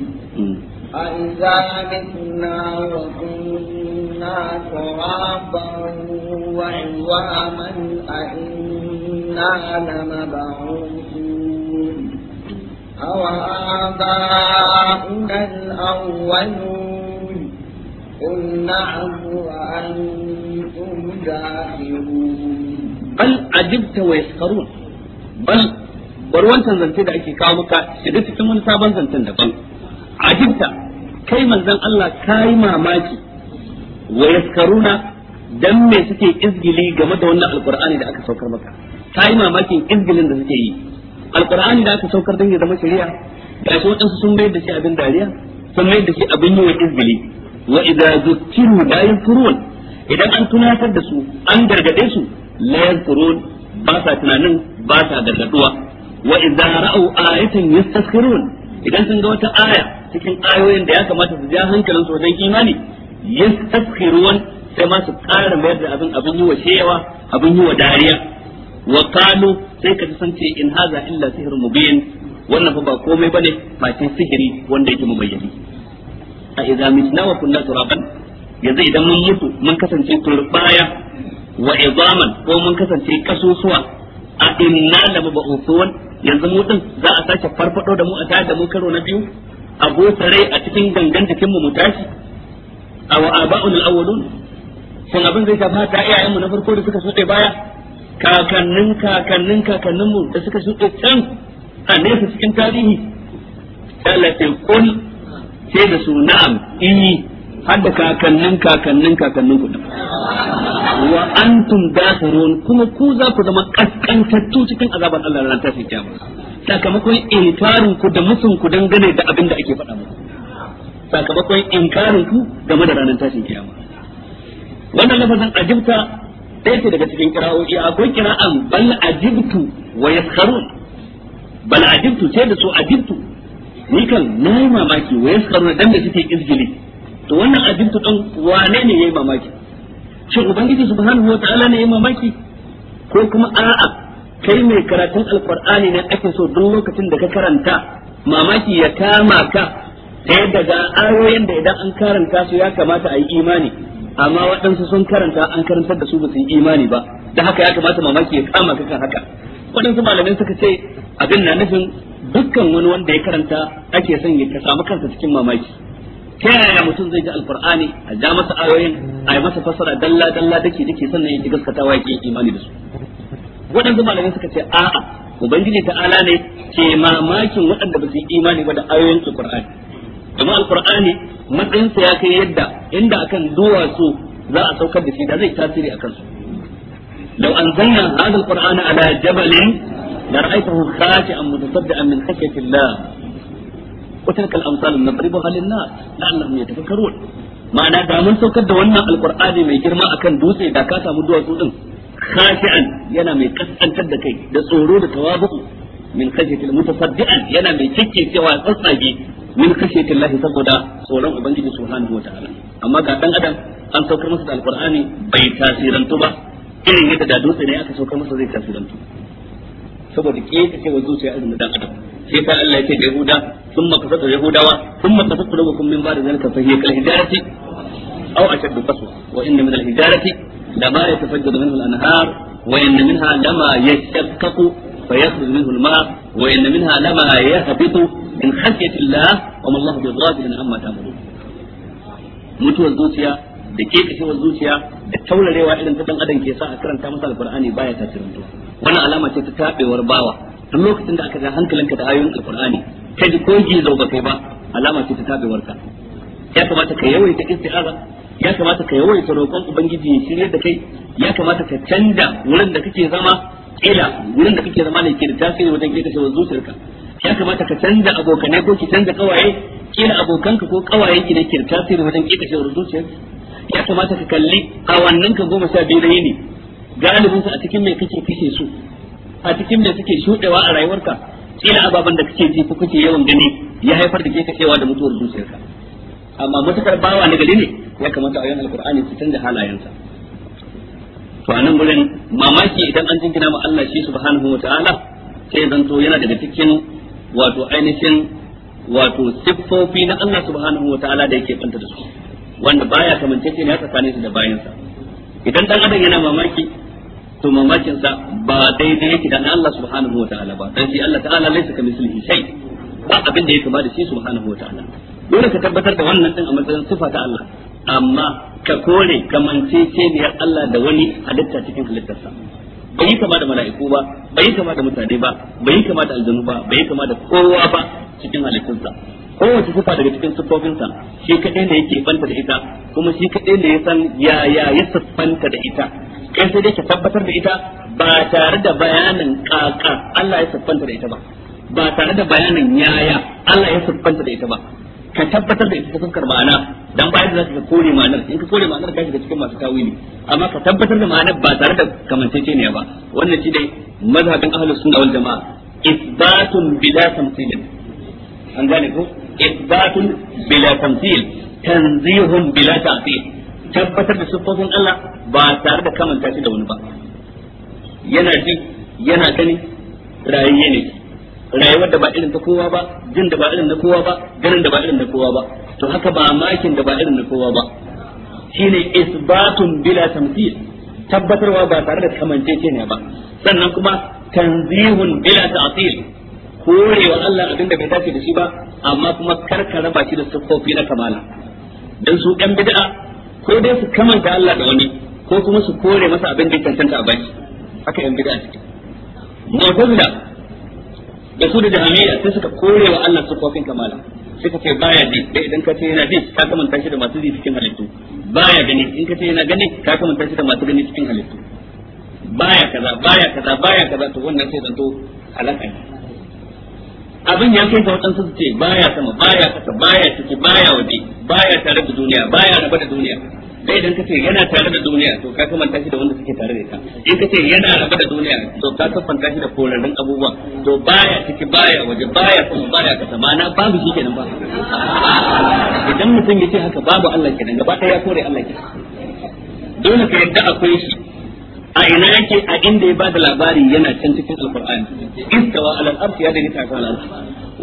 [SPEAKER 3] أإذا متنا وكنا ترابا وعظاما أإنا لمبعوثون أو آباؤنا الأولون قل نعم وأنتم داخلون
[SPEAKER 1] بل عجبت ويسخرون بل بروان wancan zance da ake kawo maka shiga cikin wani sabon zancen daban ajibta kai manzon Allah kai mamaki wa yaskaruna dan me suke izgili game da wannan alqur'ani da aka saukar maka kai mamakin izgilin da suke yi alqur'ani da aka saukar dan ya zama shari'a gashi wadansu sun mayar da shi abin dariya sun da shi abin yi wa izgili wa idza zukkiru la idan an tunatar da su an gargade su la yankurun ba sa tunanin ba sa gargaduwa wa idza ra'u ayatan yastakhirun idan sun ga wata aya cikin ayoyin da ya kamata su ja hankalin su wajen imani yastakhirun sai ma su ƙara mayar da abin abin yi wa shewa abin yi wa dariya wa qalu sai ka san ce in haza illa sihrun mubin wannan fa ba komai bane face sihiri wanda yake mubayyani a idza mitna wa kunna turaban yanzu idan mun mutu mun kasance turbaya wa idaman ko mun kasance kasusuwa a inna lamab'uthun yanzu mu din za a sake farfado da mu a tare da mu karo na biyu a rai a cikin gangan jikin mu mu aw aba'un awwalun abin zai ta ta iyayen mu na farko da suka shuɗe baya kakannin kakannin kakannin mu da suka shuɗe can a nesa cikin tarihi Allah sai ce da su na'am in har da kakannin kakannin kakannin ku wa antum dasirun kuma ku za ku zama kaskantattu cikin azabar Allah ran ta fiya sakamakon inkarin ku da musun ku dangane da abin da ake faɗa muku sakamakon inkarin ku game da ranar tashin kiyama wannan lafazin ajibta ɗaya ce daga cikin kira'o'i akwai kira'an bal ajibtu wa yaskharun bal ajibtu ce da su ajibtu ni kan na yi mamaki wa yasu karuna dan da suke izgili to wannan ajibtu ɗan, wane ne ya yi mamaki shin ubangiji subhanahu wa ta'ala ne ya yi mamaki ko kuma a'a kai mai karatun alqur'ani ne ake so duk lokacin da ka karanta mamaki ya kama ka ta yadda ga ayoyin da idan an karanta su ya kamata a yi imani amma waɗansu sun karanta an karantar da su ba su yi imani ba da haka ya kamata mamaki ya kama ka kan haka waɗansu malamai suka ce abin na nufin dukkan wani wanda ya karanta ake son ya samu kansa cikin mamaki ta yaya mutum zai ji alkur'ani a ja masa ayoyin a yi masa fassara dalla dalla dake dake sannan ya ji gaskatawa ya imani da su waɗansu malamai suka ce a'a ubangiji ta'ala ne ke mamakin waɗanda ba su yi imani ba da ayoyin alkur'ani amma alkur'ani matsayinsa ya kai yadda inda akan duwatsu za a saukar da shi da zai tasiri a kansu لو أنزلنا هذا القرآن على جبل لرأيته خاشعا متصدعا من خشية الله وتلك الأمثال نضربها للناس لعلهم يتفكرون ma'ana da mun saukar da wannan alkur'ani mai girma akan dutse da ka samu duwatsu din khashi'an yana mai kaskantar da kai da tsoro da tawabu min khashyatil mutasaddian yana mai cike cewa tsatsage min khashyatil lahi saboda tsoron ubangiji subhanahu wataala amma ga dan adam an saukar masa da alkur'ani bai tasirantu ba irin yadda da dutse ne aka sauka masa zai tasirantu saboda kiyata cewa zuciya irin da dan adam sai fa Allah ya ce da Yahuda sun maka fata Yahudawa sun maka fata rubukun min ba'da zalika fa hiya kal hijarati aw ashaddu qaswa wa inna min al hijarati lama yatafajjadu minhu al anhar wa inna minha lama yashaqqaqu فيخرج منه الماء وإن منها لما يهبط من خشية الله وما الله بغافل عما تعملون mutuwar zuciya da ke kashewar zuciya da taurarewa irin ta dan adam ke sa a karanta masa alqur'ani baya ta tasirantu wannan alama ce ta tabewar bawa duk lokacin da aka ga hankalinka da ayoyin alqur'ani ka ji ko gizo ba kai ba alama ce ta tabewar ka ya kamata ka yawaita isti'aza ya kamata ka yawaita roƙon ubangiji ya shirye da kai ya kamata ka canja wurin da kake zama ila wurin da kake zama ne ke da tasiri wajen ke kashe zuciyarka ya kamata ka canja abokanai ko ki canja kawaye kila abokanka ko kawaye ki ne ke da tasiri wajen ke kashe zuciyarka ya kamata ka kalli a wannan ka goma sha biyu na yini galibin su a cikin mai kake kashe su a cikin mai suke shudewa a rayuwarka kila ababen da kake ji ko kake yawan gani ya haifar da ke kashewa da mutuwar zuciyarka amma matukar bawa na gari ne ya kamata a yin alkur'ani su canza halayensa to a nan gurin mamaki idan an jinkina ma Allah shi subhanahu wa ta'ala sai zan to yana daga cikin wato ainihin wato siffofi na Allah subhanahu wa ta'ala da yake banta da su wanda baya kamantacce ne tsakanin shi da bayansa idan dan adam yana mamaki to mamakin sa ba daidai yake da Allah subhanahu wa ta'ala ba dan shi Allah ta'ala laysa kamithlihi shay ba abin da ya ba da shi subhanahu wa ta'ala dole ka tabbatar da wannan din a matsayin sifa ta Allah amma ka kore kamanceceniyar Allah da wani halitta cikin halittarsa bai yi kama da mala'iku ba bai yi kama da mutane ba bai yi kama da aljanu ba bai yi kama da kowa ba cikin halittarsa. kowace sifa daga cikin siffofinsa shi kaɗai ne yake banta da ita kuma shi kaɗai ne ya san yaya ya siffanta da ita kai sai dai ka tabbatar da ita ba tare da bayanin kaka Allah ya siffanta da ita ba ba tare da bayanin yaya Allah ya siffanta da ita ba ka tabbatar da ita ta fuskar ma'ana dan bayan da ka kore ma'anar in ka kore ma'anar ka shiga cikin masu tawili amma ka tabbatar da ma'anar ba tare da kamanceceniya ba wannan shi dai mazhabin ahlus sunna wal jamaa isbatun bila tamthil an gane ko isbatun bila tamthil tanzihun bila ta'til tabbatar da sifofin Allah ba tare da kamanta shi da wani ba yana ji yana gani rayuwa ne rayuwar da ba irin ta kowa ba jin da ba irin na kowa ba ganin da ba irin na kowa ba to haka ba makin da ba irin na kowa ba shine isbatun bila tamthil tabbatarwa ba tare da kamanceceniya ba sannan kuma tanzihun bila ta'til kore wa Allah abin da bai dace da shi ba amma kuma karka raba shi da siffofi na kamala dan su ɗan bid'a ko dai su kamanta Allah da wani ko kuma su kore masa abin da cancanta a baki haka ɗan bid'a take mu'tazila da su da jahamiya sai suka kore wa Allah siffofin kamala suka ce baya ji da idan ka ce yana bi, ka kamanta shi da masu ji cikin halittu baya gani in ka ce yana gani ka kamanta shi da masu gani cikin halittu baya kaza baya kaza baya kaza to wannan sai zanto alaƙa ne abin ya kai ga waɗansu su ce baya sama baya kasa baya ciki baya waje baya tare da duniya baya raba da duniya dai idan kace yana tare da duniya to ka kuma tashi da wanda suke tare da ita in kace yana raba da duniya to ka kuma tashi da korarrun abubuwa to baya ciki baya waje baya kuma baya kasa ma'ana babu shi kenan ba idan mutum ya ce haka babu Allah kenan gaba ɗaya ya kore Allah
[SPEAKER 2] kenan
[SPEAKER 1] dole ka yadda akwai shi a ina yake a inda ya bada labari yana can cikin alkur'ani Iska ala al ya daidaita akan al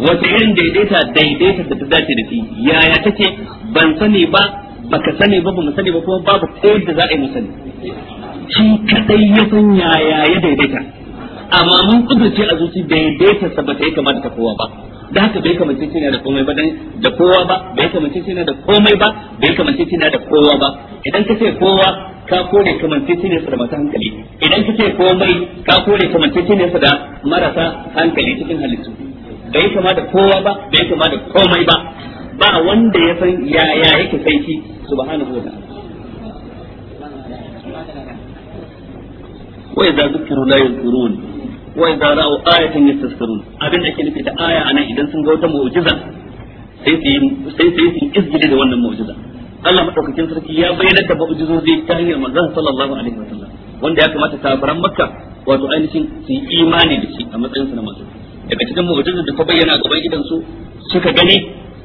[SPEAKER 1] wata irin daidaita daidaita da ta dace da shi yaya take ban sani ba baka sani ba mu sani ba kuma babu ko da za a yi mu sani
[SPEAKER 2] shi kadai ya san yaya ya daidaita
[SPEAKER 1] amma mun kudurce a zuci daidaita sa ba ta yi kamar ta kowa ba da haka bai kamace shi da komai ba da kowa ba bai kamace shi da komai ba bai kamace shi da kowa ba idan ka ce kowa ka kore kamantacce su da masu hankali idan kike komai ka kore kamantacce su da marasa hankali cikin halittu bai kama da kowa ba bai kama da komai ba ba wanda ya san yaya yake sai shi subhanahu wa ta'ala wa idza zukiru la yadhkurun wa idza ra'u ayatan yastasirun abin da ke nufi da aya anan idan sun ga wata mu'jiza sai sai sai sai izgide da wannan mu'jiza Allah madaukakin sarki ya bayyana da mu'jizozi ta hanyar manzon sallallahu alaihi wa sallam, wanda ya kamata kafiran makka wato ainihin su yi imani da shi a matsayin su na manzo daga cikin mu'jizar da ta bayyana gaban idan su suka gani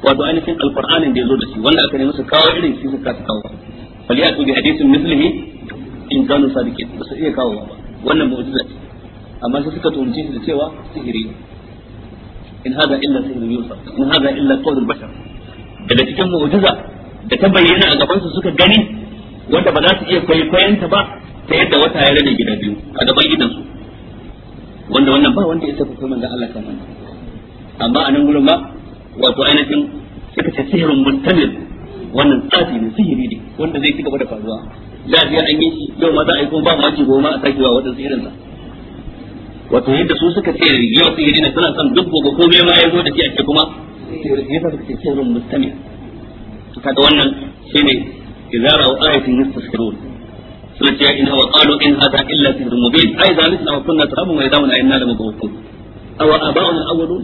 [SPEAKER 1] wato ainihin alqur'anin da ya zo da shi wanda aka nemi su kawo irin shi suka su kawo falyatu bi hadithin mislihi in kanu sadiqin ba su iya kawo ba wannan mu'jiza ce amma sai suka tunce shi da cewa sihiri in hada illa sihiri yusuf in hada illa qawlul bashar daga cikin mu'jiza da ta bayyana a gabansu suka gani wanda ba za su iya ta ba ta yadda wata ya rage gida biyu a gaban gidansu wanda wannan ba wanda ya tafi kuma da Allah kan wannan amma a nan gurin ba wato ainihin suka ce sihirin muntamil wannan tsafi ne sihiri ne wanda zai ci gaba da faruwa da biya an yi shi yau ma za a yi kuma ba ci goma a sake wa wadansu irin sa wato yadda su suka ce yau sihiri ne suna son duk gobe komai ma ya zo da shi a ce kuma sihirin ne suka ce sihirin muntamil to kaga wannan shine idza ra'u ayatin yastaskirun suna ina wa qalu in hadha illa sihrun mubin ai zalikna wa kunna sahabu wa idauna inna la mabghutun aw aba'un awwalun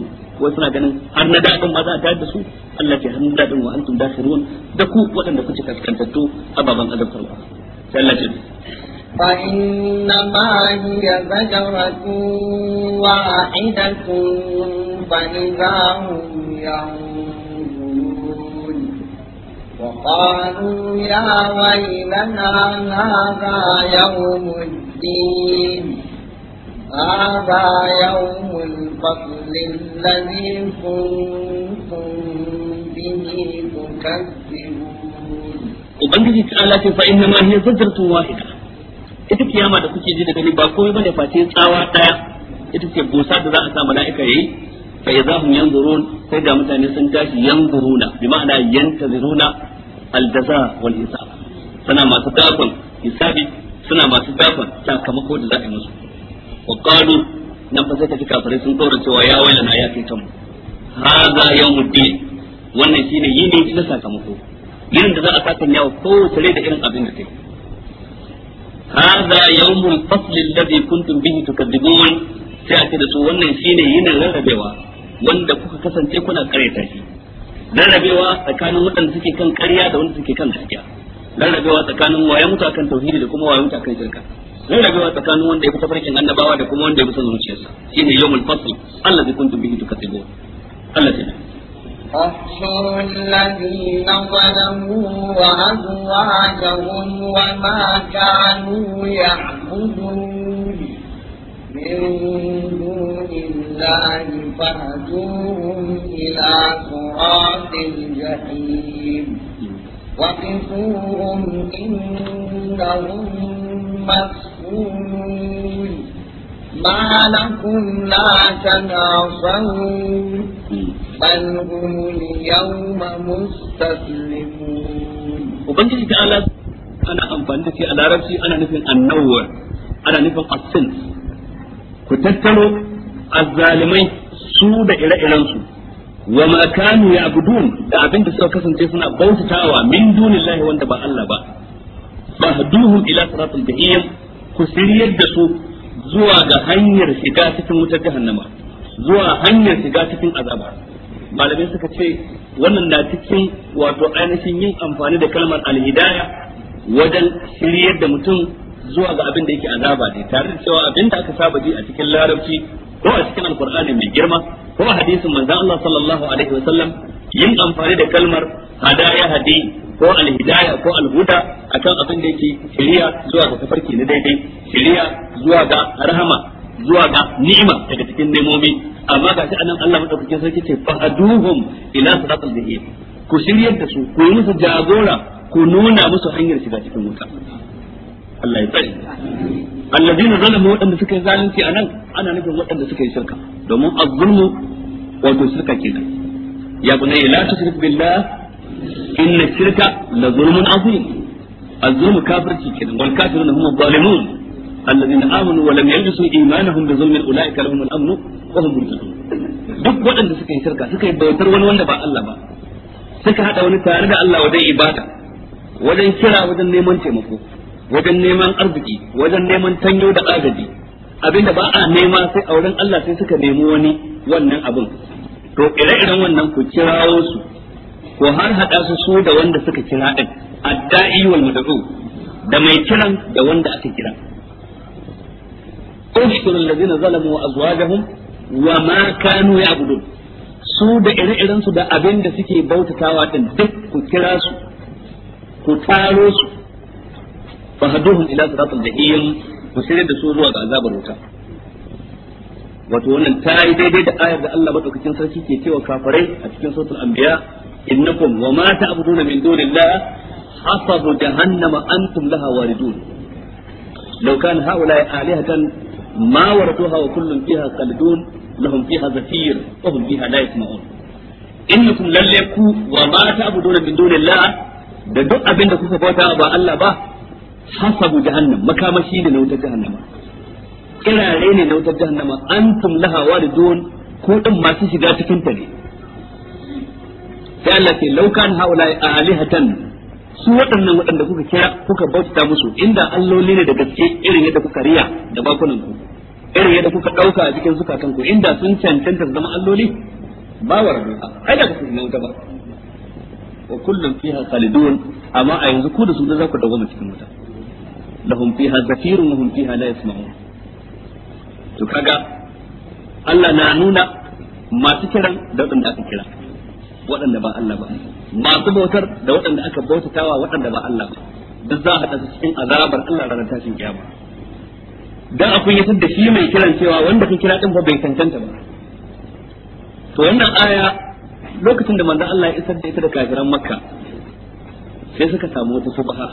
[SPEAKER 1] suna ganin har na dadin ma za a tayar da su Allah ke hannun dadin wa antum dakhirun da ku waɗanda kuke kaskantattu ababan azabtarwa sai Allah ce
[SPEAKER 3] فإنما هي زجرة واحدة فإذا هم ينظرون وقالوا يا ويلنا هذا يوم الدين
[SPEAKER 2] هذا يوم
[SPEAKER 3] الفصل الذي كنتم به تكذبون
[SPEAKER 1] Ubangiji ta'ala ce fa inna ma hiya wahida ita kiyama da kuke ji da gani ba komai bane face tsawa daya ita ce gosa da za a sa mala'ika yayi fa idza hum yanzurun sai da mutane sun tashi yanzuruna bi ma'ana yantaziruna aljaza wal hisab suna masu dakon hisabi suna masu dakon sakamako da za a yi musu wa qalu nan fa sai ka ji kafirai sun tsora cewa ya na ya kai kanmu hadha yawmuddin wannan shine yini na sakamako yin da za a saka yawo ko tare da irin abin da take hadha yawmul fasl alladhi kuntum bihi tukadzibun sai a ce da su wannan shine yinin rarrabewa wanda kuka kasance kuna kareta shi rarrabewa tsakanin waɗanda suke kan ƙarya da wanda suke kan gaskiya rarrabewa tsakanin waye mutu akan tauhidi da kuma waye mutu akan shirka rarrabewa tsakanin wanda ya fi tafarkin annabawa da kuma wanda ya fi son zuciyarsa shine yawmul fasl allazi kuntum bihi tukadzibun Allah
[SPEAKER 3] ta احشروا الذين ظلموا وأزواجهم وما كانوا يعبدون من الله فهدوهم إلى صراط الجحيم وقفوهم إنهم مسؤولون ما لكم لا تناصرون بل هم اليوم مستسلمون
[SPEAKER 1] وبنجي تعالى ana amfani da shi a larabci ana nufin annawar ana nufin asins ku tattalo azzalimai su da ire-iren su wa ma kanu ya'budun da abin da suka kasance suna bautatawa min dunillahi wanda ba Allah ba Ba fahduhum ila siratil jahim ku siriyar da su zuwa ga hanyar shiga cikin wutar jahannama zuwa hanyar shiga cikin azaba malamai suka ce wannan na cikin wato ainihin yin amfani da kalmar alhidaya wajen shiryar da mutum zuwa ga abin da yake azaba ne tare da cewa abin da aka saba ji a cikin larabci ko a cikin alqur'ani mai girma ko hadisin manzon Allah sallallahu alaihi wasallam yin amfani da kalmar hadaya hadi ko alhidaya ko alhuda akan abin da yake shiriya zuwa ga tafarki na daidai shiriya zuwa ga rahama zuwa ga ni'ima daga cikin nemomi amma ga shi anan Allah madaukakin sarki ce fahaduhum ila siratal jahim ku shiryar da su ku yi musu jagora ku nuna musu hanyar shiga cikin wuta Allah ya tsare allazina zalamu waɗanda suka yi zalunci anan ana nufin waɗanda suka yi shirka domin zulmu wato shirka ya bunayya billah shirka la zulmun azim zulmu kafirci wal duk waɗanda suka yi shirka suka yi bautar wani wanda ba Allah ba suka haɗa wani tare da Allah wajen ibada wajen kira wajen neman taimako wajen neman arziki wajen neman tanyo da agaji abinda ba a nema sai a wurin Allah sai suka nemi wani wannan abin to ire-iren wannan ku kirawo su ko har hada su su da wanda suka kira din adda'i wal mud'u da mai kiran da wanda aka kira ushkuru allazina zalamu wa azwajahum wa ma kanu ya'budun su da ire-iren su da abin da suke bautatawa din duk ku kira su ku taro su fahduhum ila siratal jahim ku da su zuwa ga azabar wuta wato wannan ta yi daidai da ayar da Allah madaukakin sarki ke cewa kafirai a cikin suratul anbiya innakum wa ma ta'buduna min dunillah hasabu antum laha waridun law kana haula alihatan ma waratuha wa kullun fiha khalidun lahum fiha zafir wa hum fiha la yasma'un innakum lalle ku wa ma ta'buduna min dunillah da duk abin da kuka bauta ba Allah ba hasabu jahannam makamashi ne na wutar jahannama kirare ne na wutar jahannama antum laha waridun ko din masu shiga cikin ta ne sai Allah ce laukan haula alihatan su waɗannan waɗanda kuka kira kuka bauta musu inda alloli ne da gaske irin yadda kuka riya da bakunan ku irin yadda kuka ɗauka a cikin zukatan ku inda sun cancanta zama alloli ba wa rabu ai da kuka wuta ba wa kullum fiha khalidun amma a yanzu ku da su da za ku dawo cikin wuta lahum fiha zafirun wa hum fiha la yasma'un to kaga Allah na nuna masu kiran da waɗanda aka kira waɗanda ba Allah ba masu bautar da waɗanda aka bautatawa waɗanda ba Allah ba duk za a haɗa cikin azabar Allah ranar tashin kiyama dan a kunyatar da shi mai kiran cewa wanda ka kira din ba bai tantanta ba to wannan aya lokacin da manzon Allah ya isar da ita da kafiran Makka sai suka samu wata subha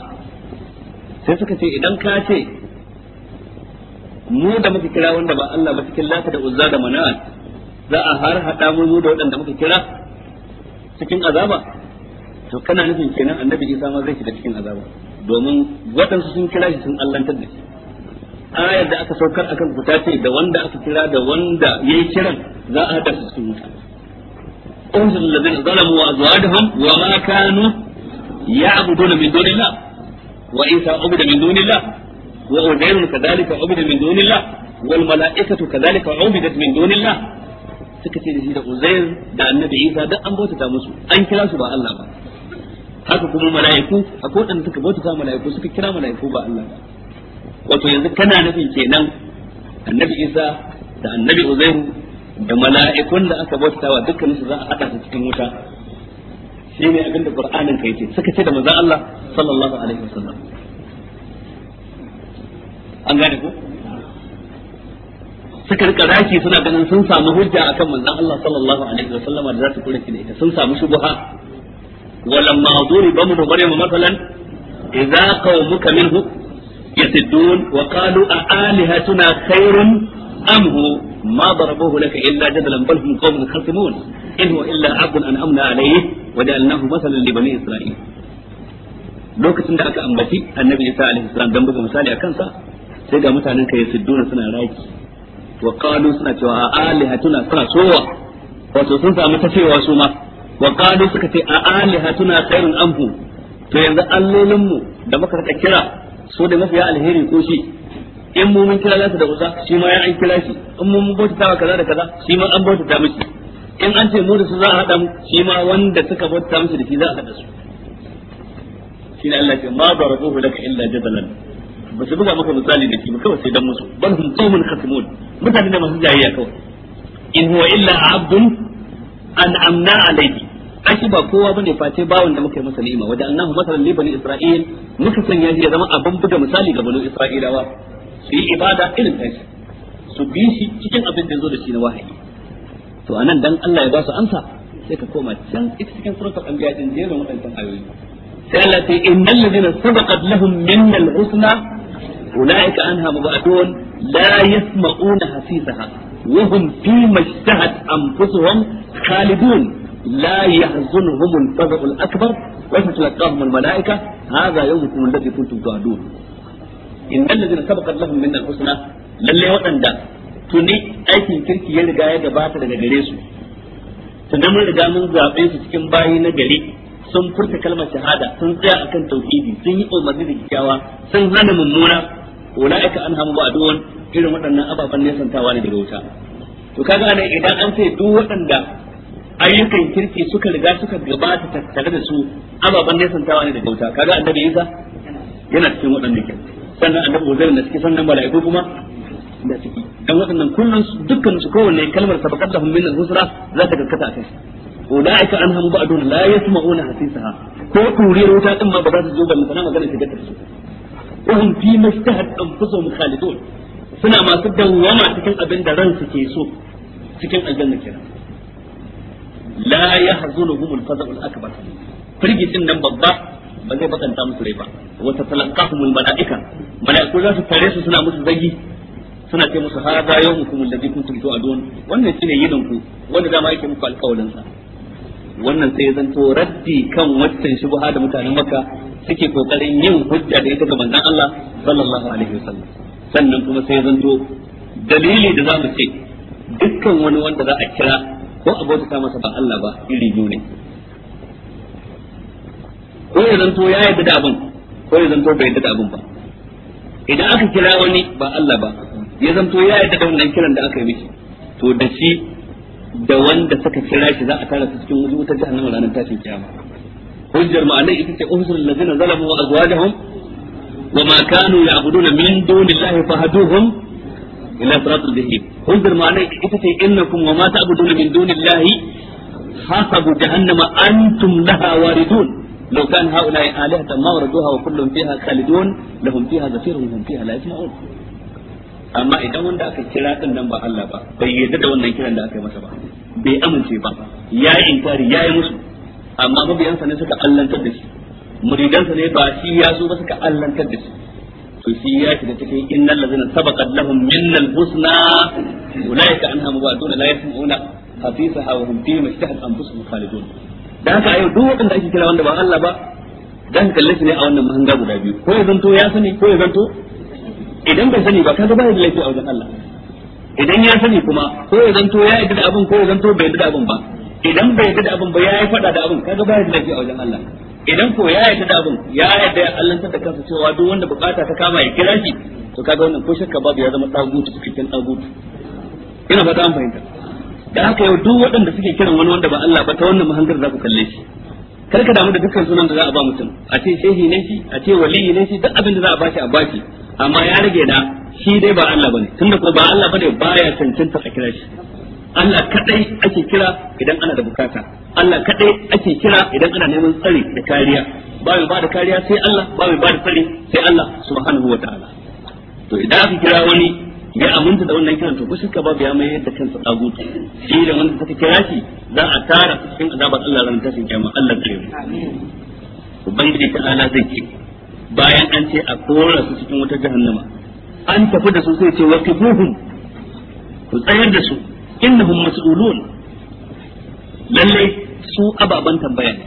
[SPEAKER 1] sai suka ce idan ka ce mu da muka kira wanda ba Allah ba cikin lata da uzza da mana'at za a har hada mu da waɗanda muka kira cikin azaba to kana nufin kenan annabi Isa ma zai shiga cikin azaba domin waɗansu sun kira shi sun allantar da shi ayar da aka saukar akan ku ta ce da wanda aka kira da wanda yayi kiran za a hada su cikin wuta انزل الذين wa وازواجهم وما كانوا يعبدون من دون الله wa isa ubida min dunillah wa udayrun kadhalika ubida min dunillah wal malaikatu kadhalika ubidat min dunillah suka ce da shi da uzair da annabi isa duk an bautata musu an kira su ba Allah ba haka kuma mala'iku akwai wadanda suka bauta mala'iku suka kira mala'iku ba Allah wato yanzu kana nufin kenan annabi isa da annabi uzair da mala'ikun da aka bauta wa dukkanin su za a haɗa su cikin wuta shi ne abinda qur'anin ka yake suka ce da manzon Allah sallallahu alaihi wasallam an gane ko suka rika suna ganin sun samu hujja akan manzon Allah sallallahu alaihi wasallama da za su kula da ita sun samu shubha ولما ضرب ابن مريم مثلا إذا قومك منه يسدون وقالوا أآلهتنا خير أم هو ما ضربوه illa إلا جدلا بل هم قوم in إن illa إلا an amna عليه waja'alnahu masalan li bani isra'il lokacin da aka ambaci annabi isa alaihi salam dan buga misali a kansa sai ga mutanen kai sidduna suna raki wa qalu suna cewa a alihatuna suna sowa wato sun samu ta cewa su ma wa qalu suka ce a alihatuna khairun anhu to yanzu mu da muka rika kira so da mafiya alheri ko shi in mu mun kira za su da kusa shi ma ya an kira shi in mu mun bauta kaza da kaza shi ma an bauta ta miki in an ce mu da su za a haɗa mu shi ma wanda suka bauta musu da shi za a haɗa su shi ne Allah ce ma darabuhu daga illa jadalan ba su buga maka misali da shi ba kawai sai dan musu Ban hum qaumun khasimun mutane da masu jayayya kawai in huwa illa abdun amna alayhi ashi ba kowa bane face bawon da muka yi masa ni'ima wajen annahu masalan li bani isra'il muka sanya shi ya zama abin buga misali ga bani isra'ilawa su yi ibada irin tashi su bi shi cikin abin da zo da shi na wahayi to anan dan Allah ya ba su amsa sai ka koma can ita cikin al anbiya din jerin wadannan ayoyi sai Allah ta innal ladina sabaqat lahum minna al-husna ulaika anha mubadun la yasma'una hasisaha wa hum fi mashtahat anfusuhum khalidun la yahzunhum al-fazu al-akbar wa tatlaqahum al-malaika hadha yawmukum alladhi kuntum tu'adun innal ladina sabaqat lahum minna al-husna lalle wadanda tuni aikin kirki ya riga ya gabata daga gare su sannan mun riga mun zaɓe su cikin bayi na gari sun furta kalmar shahada sun tsaya akan tauhidi sun yi umarni da kyakkyawa sun hana mummuna ulaika an hamu duwan irin waɗannan ababen nesantawa ne daga wuta to kaga anan idan an sai duk waɗanda ayyukan kirki suka riga suka gabata tattare da su ababen nesantawa ne daga wuta kaga annabi Isa yana cikin waɗannan kirki sannan annabi Uzair na cikin sannan mala'iku kuma da ciki dan waɗannan kullun dukkan su kowanne kalmar sabaqatahum min al-husra za ta karkata akai ulaika anhum ba'dun la yasma'una hasisaha ko kuriyar wuta din ma ba za su zo ba mutana magana ta gatar su wahum fi mashtahat anfusuhum khalidun suna masu dawwama cikin abin da so cikin aljanna kenan la yahzunuhum al al-akbar nan babba ba zai bakanta musu rai ba wata talaqahum al-mala'ika mala'iku za su tare su suna musu zagi suna ce musu hada yawmukum alladhi kuntum tu'adun wannan shine yidan ku wanda dama yake muku alƙawarin sa wannan sai zan to raddi kan wancan shubha da mutanen Makka suke kokarin yin hujja da ita ga manzon Allah sallallahu alaihi wasallam sannan kuma sai zan to dalili da zamu ce dukkan wani wanda za a kira ko abota ta masa ba Allah ba iri biyu ne ko ya zanto ya yarda da abin ko ya zanto bai yarda da abin ba idan aka kira wani ba Allah ba ya zanto ya yadda da wannan kiran da aka yi miki to da shi da wanda suka kira shi za a tara su cikin wani wutar jahannama ranar tashin kiyama hujjar ma'ana ita ce uhsul allazina zalamu wa azwajuhum wa ma kanu ya'buduna min dunillahi fahduhum ila siratil jahim hujjar ma'ana ita ce innakum wa ma ta'buduna min dunillahi hasabu jahannama antum laha waridun لو كان هؤلاء آلهة ما وردوها وكل فيها خالدون لهم فيها زفير وهم فيها لا يسمعون amma idan wanda aka kira din nan ba Allah ba bai yarda da wannan kiran da aka yi masa ba bai amince ba ya yi inkari ya yi musu amma mabiyansa ne suka allantar da shi muridansa ne ba shi ya zo ba suka allantar da shi to shi ya shiga cikin innal ladzina sabaqat lahum minnal husna ulaika anha mubaduna la yasma'una hafisaha wa hum fihi mushtahat anfusuhum khalidun dan haka ayo duk wanda ake kira wanda ba Allah ba dan kalle ne a wannan mahanga guda biyu ko ya zanto ya sani ko ya zanto idan bai sani ba ka ga ba da laifi a wajen Allah idan ya sani kuma ko ya zanto ya yi da abin ko ya zanto bai yi da abin ba idan bai yi da abin ba ya yi fada da abin ga ba da laifi a wajen Allah idan ko ya yi da abin ya yi da Allah ta kansa cewa duk wanda bukata ta kama ya kira shi to kaga wannan ko shakka babu ya zama tsagutu cikin tsagutu ina fata an fahimta da haka yau duk waɗanda suke kiran wani wanda ba Allah ba ta wannan mahangar za ku kalle shi kar ka damu da dukkan sunan da za a ba mutum a ce shehi ne shi a ce waliyi ne shi duk abin da za a shi a shi amma ya rage da shi dai ba Allah bane tunda ko ba Allah bane baya cancanta a kira shi Allah kadai ake kira idan ana da bukata Allah kadai ake kira idan ana neman tsari da kariya ba mai ba da kariya sai
[SPEAKER 2] Allah ba mai ba da tsari
[SPEAKER 1] sai Allah subhanahu wataala to idan aka kira wani ya aminta da wannan kiran to ba shakka babu ya mai yadda kansa tsagutu shi da wanda take kira shi za a tara cikin azabar Allah ran tashin kiyama Allah kare mu ubangiji ta ala zai ce bayan an ce a kora su cikin wata jahannama an tafi da su sai ce wa kibuhum ku tsayar da su innahum mas'ulun lalle su ababan tambaya ne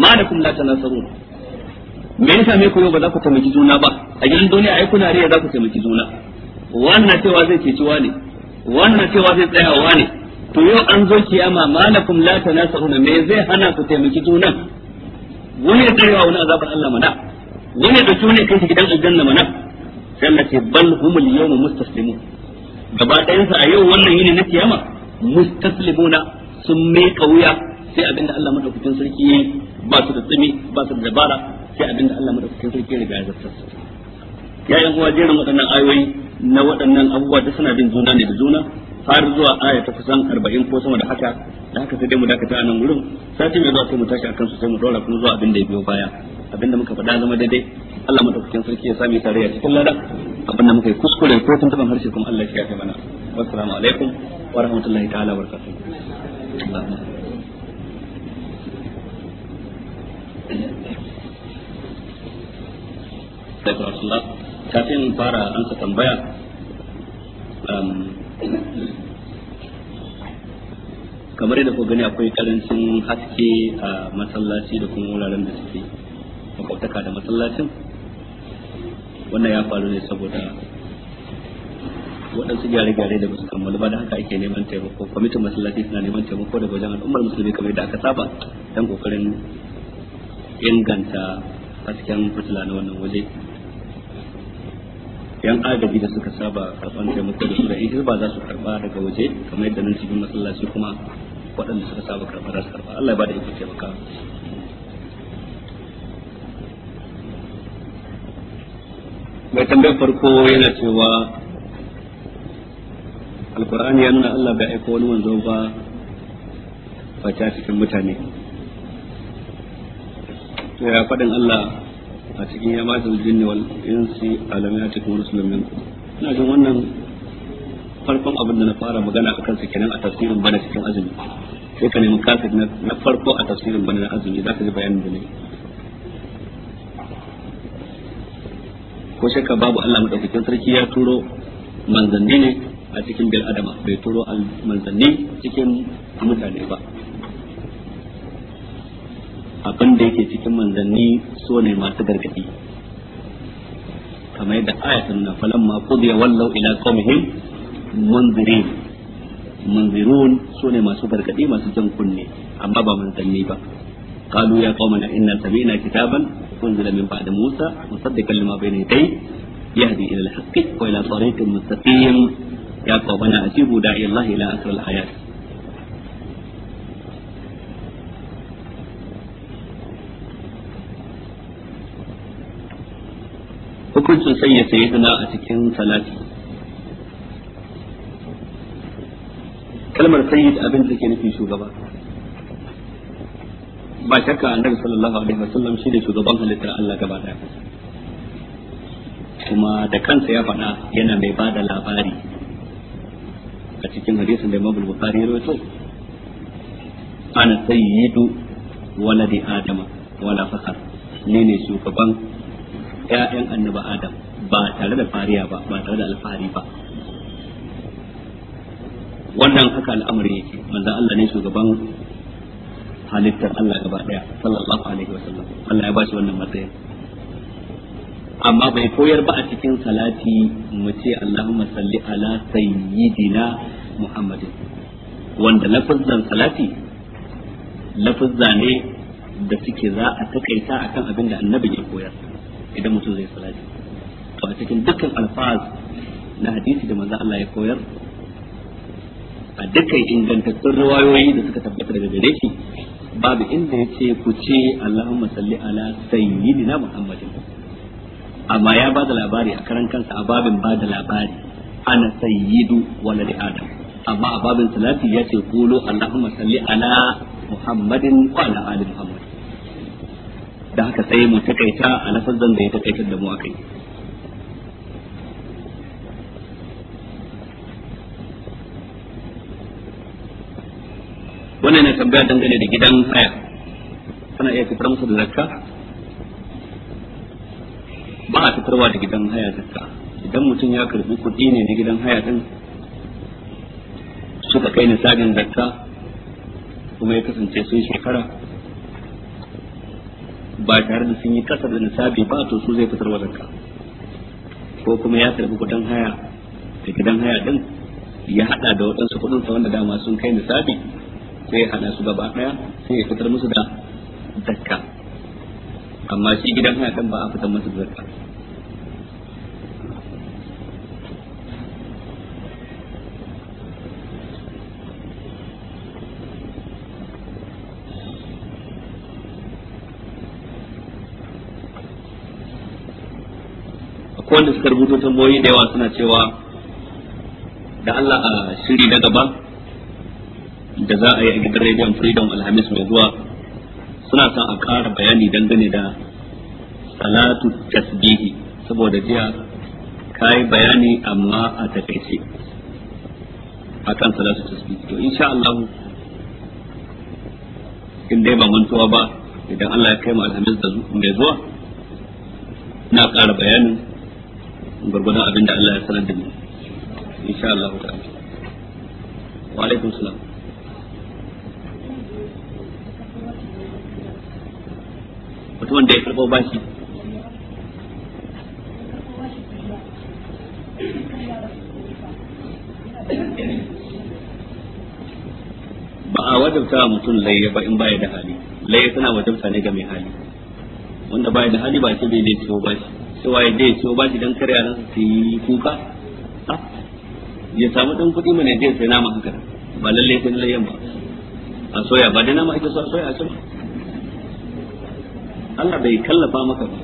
[SPEAKER 1] malakum la tanasarun me yasa me koyo ba za ku taimaki juna ba a gidan duniya ai kuna riya za ku taimaki juna wannan cewa zai ceci ne wannan cewa zai tsaya wa ne to yau an zo kiyama malakum la tanasarun me zai hana ku taimaki juna wani ya tsayawa wani azabar Allah mana wani ya dauki wani ya kai gidan aljanna mana sai Allah ce bal humul yawma mustaslimun gaba ɗayan a yau wannan yini na kiyama mustaslimuna sun mai wuya sai abinda Allah madaukakin sarki yayi ba su da tsimi ba su da dabara sai abinda Allah madaukakin sarki ya riga ya zartar ya yan uwa jerin waɗannan ayoyi na waɗannan abubuwa da suna bin juna ne da juna har zuwa aya ta kusan arba'in ko sama da haka da haka sai dai mu dakata a nan wurin sati mai zuwa sai mu tashi a su sai mu dora kuma zuwa abin da ya biyo baya abin da muka faɗa zama daidai Allah madaukakin sarki ya sami tare a cikin lada abin da muka yi kuskure ko tun taban harshe kuma Allah ya kiyaye mana assalamu alaikum wa rahmatullahi ta'ala wa barakatuh kafin fara amsa tambaya um, kamar yadda ku gani akwai karancin haske a masallaci da kuma wuraren da suke makwabtaka da masallacin wannan ya faru ne saboda waɗansu gyare-gyare da su kammalu ba da haka ake neman taimako kwamitin masallaci suna neman taimako daga wajen al'ummar musulmi kamar yadda aka saba don kokarin inganta hasken fitila na wannan waje yan agaji da suka saba karban taimako da su da ihir ba za su karba daga waje kamar yadda nan cikin masallaci kuma waɗanda suka saba karba za su karba Allah ya bada iko taimaka mai tambayar farko yana cewa alkur'ani ya nuna Allah bai aiko wani manzo ba ba ta cikin mutane ya faɗin Allah a cikin ya mata jinni wal insi alamiyatikum rusulun minkum ina jin wannan farkon abin da na fara magana a kansa kenan a tafsirin bana cikin azumi sai ka nemi kasir na farko a tafsirin bana na azumi za ka ji bayanin da ne ko shakka babu Allah madaukakin sarki ya turo manzanni ne a cikin bil adama bai turo manzanni cikin mutane ba abin da yake cikin manzanni so ne masu gargadi kamar yadda aya sunna falan ma qudiya wallau ina qaumihim munzirin munzirun so ne masu gargadi masu jan kunne amma ba manzanni ba Kalu ya qaumana inna sami'na kitaban unzila min ba'di musa musaddiqan lima bayna yadayhi ya ila al-haqqi ko ila tariqin mustaqim ya qaumana asibu da'i allah ila asr al-hayat sanya sayyidina a cikin salati kalmar sayyid abin da ke nufi shugaba ba shakka annabi sallallahu alaihi wasallam shi ne shugaban halittar Allah gaba daya kuma da kansa ya faɗa yana mai bada labari a cikin hadisin da Imam Bukhari ya rawaito ana sayyidu waladi adama wala fakar ne ne shugaban ya'yan annabi adam ba tare da fariya ba ba tare da alfahari ba wannan haka al'amari yake manzo Allah ne shugaban halittar Allah gaba daya sallallahu alaihi wasallam Allah ya ba shi wannan matsayin amma bai koyar ba a cikin salati mu ce Allahumma salli ala sayyidina Muhammadin wanda lafazan salati lafazza ne da suke za a takaita akan abin da annabi ya koyar idan mutum zai salati a cikin dukkan alfaz na hadisi da manzo Allah ya koyar a dukkan ingantattun riwayoyi da suka tabbata daga gare shi babu inda ya ce ku ce Allahumma salli ala sayyidina Muhammadin amma ya bada labari a karan kansa a babin bada labari ana sayyidu walad adam amma a babin salati ya ce qulu Allahumma salli ala Muhammadin wa ala ali Muhammad da haka sai mu takaita a lafazan da ya takaitar da mu akai wannan ne tambaya dangane da gidan haya kana iya fitar musu da zakka ba a fitarwa da gidan haya zakka idan mutum ya karbi kuɗi ne na gidan haya din suka kai nisabin zakka kuma ya kasance sun shekara ba tare da sun yi kasar da nisabi ba to su zai fitarwa zakka ko kuma ya karbi kuɗin haya da gidan haya din ya hada da waɗansu kuɗinsa wanda dama sun kai nisabi sai ya hada su gaba daya sai ya fitar musu da zakka amma shi gidan haya kan ba a fitar musu da zakka wanda suka rubuta tambayoyi da yawa suna cewa da Allah a shiri na gaba da za a yi a gidan rediyon freedom alhamis mai zuwa suna son a ƙara bayani dangane da salatu tasbihi saboda jiya ka yi bayani amma a takaice a kan salatu tasbihi to insha Allah in dai ba mantuwa ba idan Allah ya kai mu alhamis da mai zuwa na ƙara bayanin gwargwadon abin da Allah ya sanar da mu insha Allah ta'ala wa alaikum salam mutumin da ya karɓo bashi ba a wajabta wa mutum laye ba in baya da hali laye tana wajabta ne ga mai hali wanda baya da hali ba ce bai dai ciwo bashi cewa ya dai ciwo bashi dan kare yaran su yi kuka ah, ya samu dan kuɗi mana dai sai nama haka ba lalle sai layen ba a soya ba da nama ake so a soya a ci ba Allah bai kallafa maka ba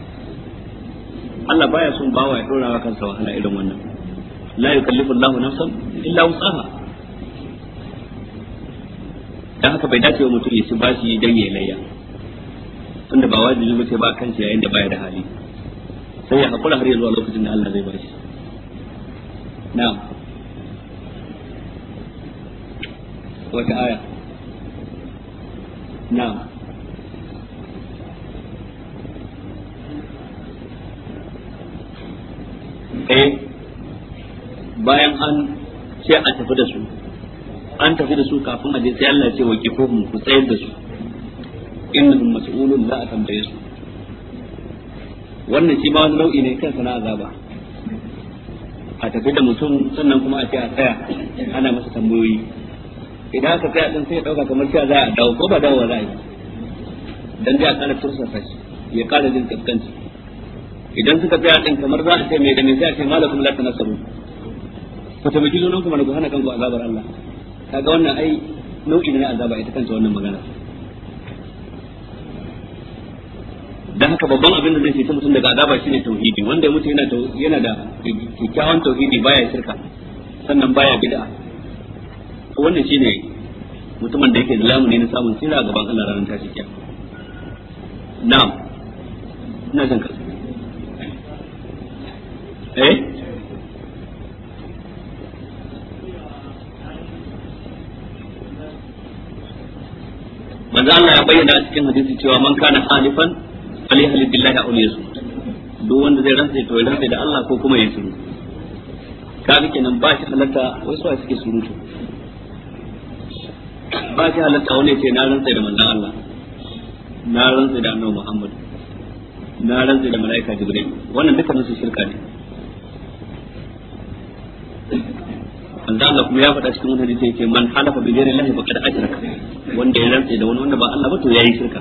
[SPEAKER 1] Allah baya son bawa ya dora kansa wahala irin wannan la yukallifu Allahu nafsan illa wus'aha dan haka bai dace wa mutum ya ci bashi dan ya layya tunda ba wajibi ba sai ba kansa yayin da baya da hali sai ya hakura har ya zuwa lokacin da Allah zai bashi na'am wata aya na'am ɗaya bayan an ce a tafi da su an tafi da su kafin aje sai Allah ce wa kifuhum ku tsayar da su innahum mas'ulun za a tambaye su wannan shi ba wani nau'i ne kansa na azaba a tafi da mutum sannan kuma a ce a tsaya ana masa tambayoyi idan aka tsaya din sai ya dauka kamar cewa za a dawo ko ba dawo za a yi dan dai a kana tursa shi ya kara jin kaskanci idan suka tsaya din kamar za a ce mai ganin sai a ce malakum la tanassabu ku taimaki junan ku mana ku hana kanku azabar Allah kaga wannan ai nau'i na azaba ita kanta wannan magana dan haka babban abin da zai ce mutum daga azaba shine tauhidi wanda ya mutu yana yana da kyakkyawan tauhidi baya shirka sannan baya bid'a to wannan shine mutumin da yake da lamuni na samun sirra gaban Allah ranar tashi kiyama na'am
[SPEAKER 2] ina jin ka eh
[SPEAKER 1] manzo Allah ya bayyana a cikin hadisi cewa man kana halifan alaihi billahi aw yasmut duk wanda zai rantsa to ya rantsa da Allah ko kuma ya suru kaga kenan ba shi halatta wasu a suke surutu ba shi halatta wani ce na rantsa da manzo Allah na rantsa da annabi Muhammad na rantsa da malaika Jibril wannan dukkan su shirka ne manzo Allah kuma ya faɗa cikin wani hadisi yake man halafa bi ghairi Allah faqad ajraka wanda ya rantsa da wani wanda ba Allah ba to yayi shirka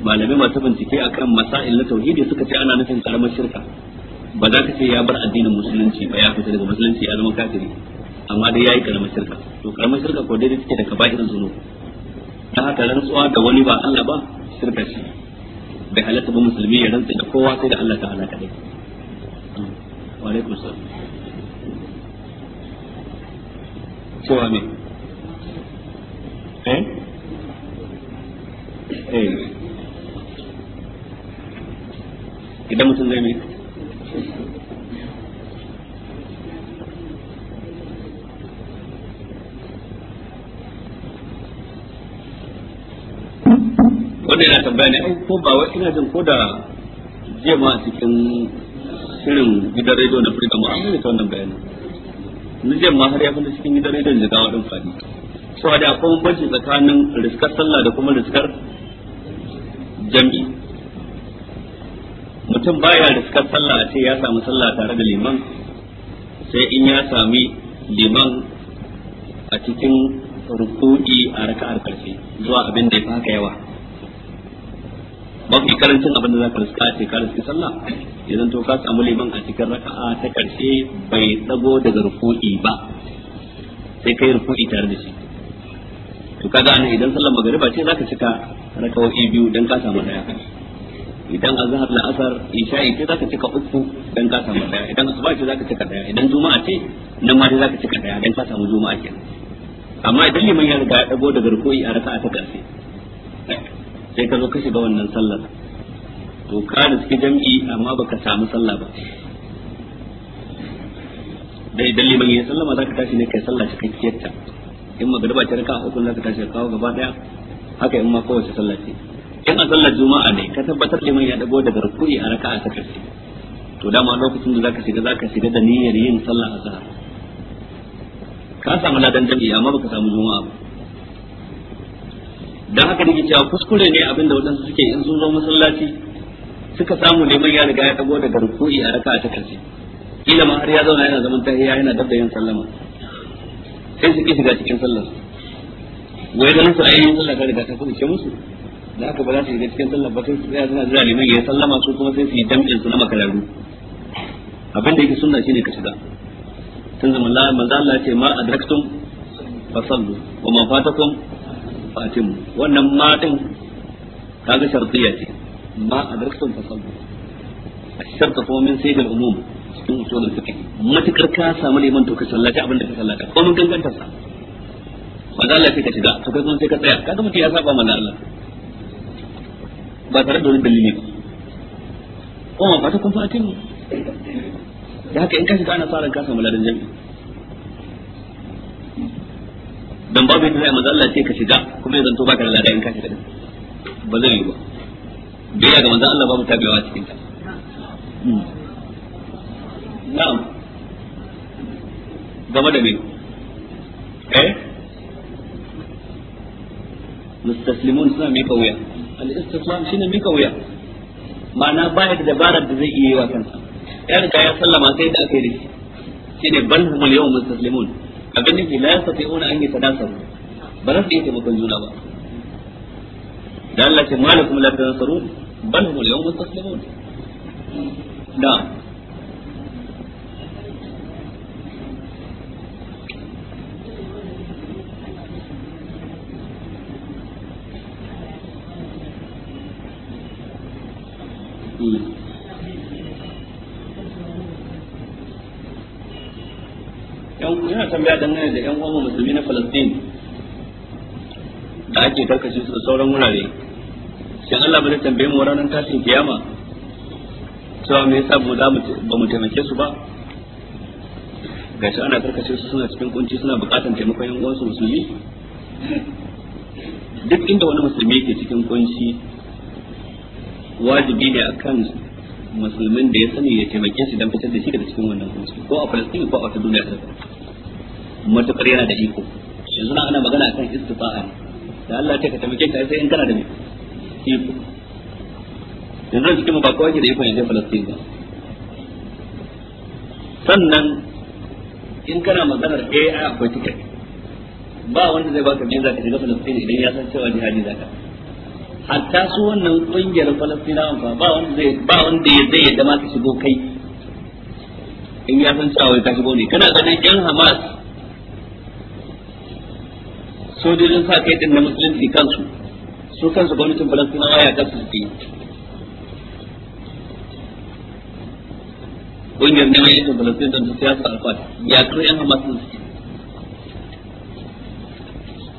[SPEAKER 1] malamai masu bincike akan masail na tauhidi suka ce ana nufin karamar shirka ba za ka ce ya bar addinin musulunci ba ya fita daga musulunci ya zama kafiri amma dai yayi karamar shirka to karamar shirka ko dai take da kaba'irin zunubi dan haka rantsuwa da wani ba Allah ba shirka ce bai halatta ba musulmi ya rantsa da kowa sai da Allah ta'ala kadai wa alaikum salam
[SPEAKER 2] cewa ne eh eh
[SPEAKER 1] idan mutum zai mai wanda yana tambaya ne ai ko ba wai ina jin ko da jiya ma cikin shirin gidan rediyo na Freedom amma ne ta wannan bayanin na ma har ya fi cikin gidan rediyon jigawa don fadi so da akwai bambanci tsakanin riskar sallah da kuma riskar jam'i mutum baya riskar sallah a ce ya sami sallah tare da liman sai in ya sami liman a cikin rukuki a raka'ar karfe zuwa abin da ya fi haka yawa mafi karancin abin da za ka riska a shekarar su sallah idan to ka samu liman a cikin raka'a ta karshe bai tsago daga rufu'i ba sai kai rufu'i tare da shi to kaga anan idan sallar magariba ce ka cika raka'o'i biyu dan ka samu daya idan azhar la asar isha'i ce ka cika uku dan ka samu daya idan asuba ce ka cika daya idan juma'a ce nan ma za ka cika daya dan ka samu juma'a kenan amma idan liman ya riga ya tsago daga rufu'i a raka'a ta karshe sai ka zo ka shiga wannan sallar to ka da suke jam'i amma baka samu sallah ba da idan liman ya sallama ka tashi ne kai sallah cikakkiyar ta in magriba ta raka uku ka tashi kawo gaba daya haka in ma kowace sallah ce in a sallar juma'a ne ka tabbatar liman ya dago daga rukuri a raka'a ta karshe to dama lokacin da za ka shiga za ka shiga da niyyar yin sallah zahar. ka samu ladan jam'i amma baka samu juma'a ba dan haka nake cewa kuskure ne abin da wadansu suke in sun zo masallaci suka samu neman ya riga ya dago daga ruku'i a raka'a ta karshe kila ma har ya zauna yana zaman tahiyya yana dabba yin sallama sai su ki shiga cikin sallar
[SPEAKER 2] wai dan su ayyukan
[SPEAKER 1] sallar da riga ta kuɗe musu da haka ba za su shiga cikin sallar ba sai su ya suna jira neman ya sallama su kuma sai su yi jam'in su na makararru abin da yake sunna shine ka shiga tun zaman manzo Allah ya ce ma adraktum fasallu wa ma fatakum fatim wannan ma din kaga shartiya ce ma الشرط هو من سيد العموم cikin usulul fiqh ka samu neman to ka abin da ka ko mun ganganta sa ba za ka shiga to kai kuma sai ka tsaya kaga mutum ya saba mana Allah ba tare da wani dalili ba
[SPEAKER 2] dan babu yadda zai manzo
[SPEAKER 1] Allah ce ka shiga kuma ya zanto baka da ladan ka shiga ba zai yi ba biya ga manzo Allah babu tabiwa cikin ta hmm. na'am game da me eh mustaslimun suna mai kawuya al-istislam shine mai kauya ma'ana baya da dabarar da zai iya yi wa kansa ya riga ya sallama sai da aka yi shine bal humul yawm mustaslimun abin da ke la yastati'una an yatanasaru ba za su iya taimakon juna ba da Allah ce malakum la tanasarun bal hum al taslimun da yana tambaya dangane da yan uwan musulmi na falastin da ake karkashe su da sauran wurare sai Allah ba zai tambaye mu ranar tashin kiyama cewa me yasa mu ba mu taimake su ba shi ana karkashe su suna cikin kunci suna bukatan taimakon yan uwansu musulmi duk inda wani musulmi ke cikin kunci wajibi ne akan musulmin da ya sani ya taimake shi don fitar da shi daga cikin wannan kunci ko a Falastin ko a wata duniya ta matukar yana da iko yanzu na ana magana akan istifa'a ne da Allah ta ka taimake ka sai in kana da iko yanzu cikin ba ke da iko yanzu Falastin ba sannan in kana maganar AI akwai ticket ba wanda zai baka za ka shiga Falastin idan ya san cewa jihadi zaka hatta su wannan kungiyar Falastinawa ba ba wanda zai ba wanda zai yadda ma ka shigo kai in ya san cewa ka shigo ne kana ganin yan Hamas sojojin sa kai din na musulunci kansu su kansu gwamnatin falastinawa ya ta suke ƙungiyar neman yankin falastin don ta siyasa alfat ya to yan hamas din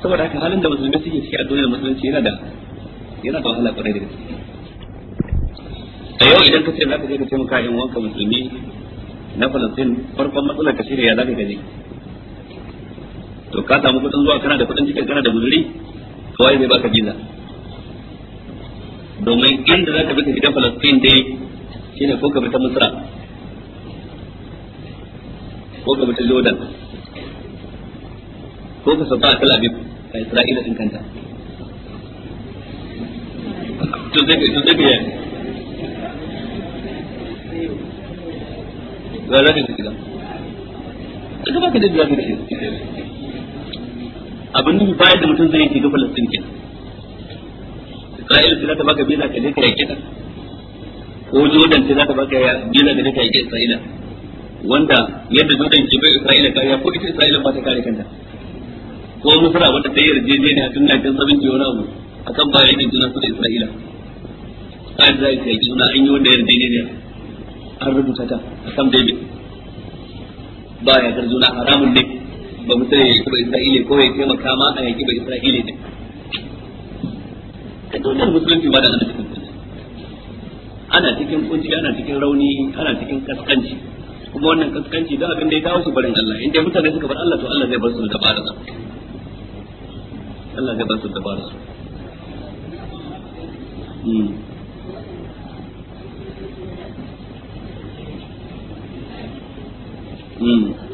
[SPEAKER 1] saboda haka halin da musulmi suke ciki a duniyar musulunci yana da yana da wahala kwarai da gaske a yau idan ka ce za ka je ka taimaka yin wanka musulmi na falastin farkon matsalar ka shirya ya za ka gaje to ka samu kudin zuwa kana da kudin cikin kana da guzuri kawai zai baka visa domin inda za ka bi ka gidan falastin dai shine ko ka fita ta misra ko ka fita jordan ko ka sauka a tel a isra'ila din kanta Tun zai tun zai Ga zafi ka ji gidan ka ba ka da zai
[SPEAKER 2] ka
[SPEAKER 1] abin nufi bayan da mutum zai yi ga Falastin kenan Isra'ila za ta baka biza ka je ka yake ta ko Jordan ce za ta baka biza ka je ka yake Isra'ila wanda yadda Jordan ke bai Isra'ila kariya ko ita Isra'ila ba ta kare kanta ko Misra wata ta yarjejeniya tun na kan 1970 wani abu kan ba yakin juna su da Isra'ila an za ta juna an yi wanda yarjejeniya an rubuta ta a kan David ba ya zarzuna haramun ne ba mu sani ya ba isra'ili ko ya taimaka ma a yaki ba isra'ili ne ka dole musulunci ba da ana cikin kunci ana cikin kunci ana cikin rauni ana cikin kaskanci kuma wannan kaskanci da abin da ya dawo su barin Allah inda mutane suka bar Allah to Allah zai bar su da bara Allah zai bar su da bara su Mm. Hmm.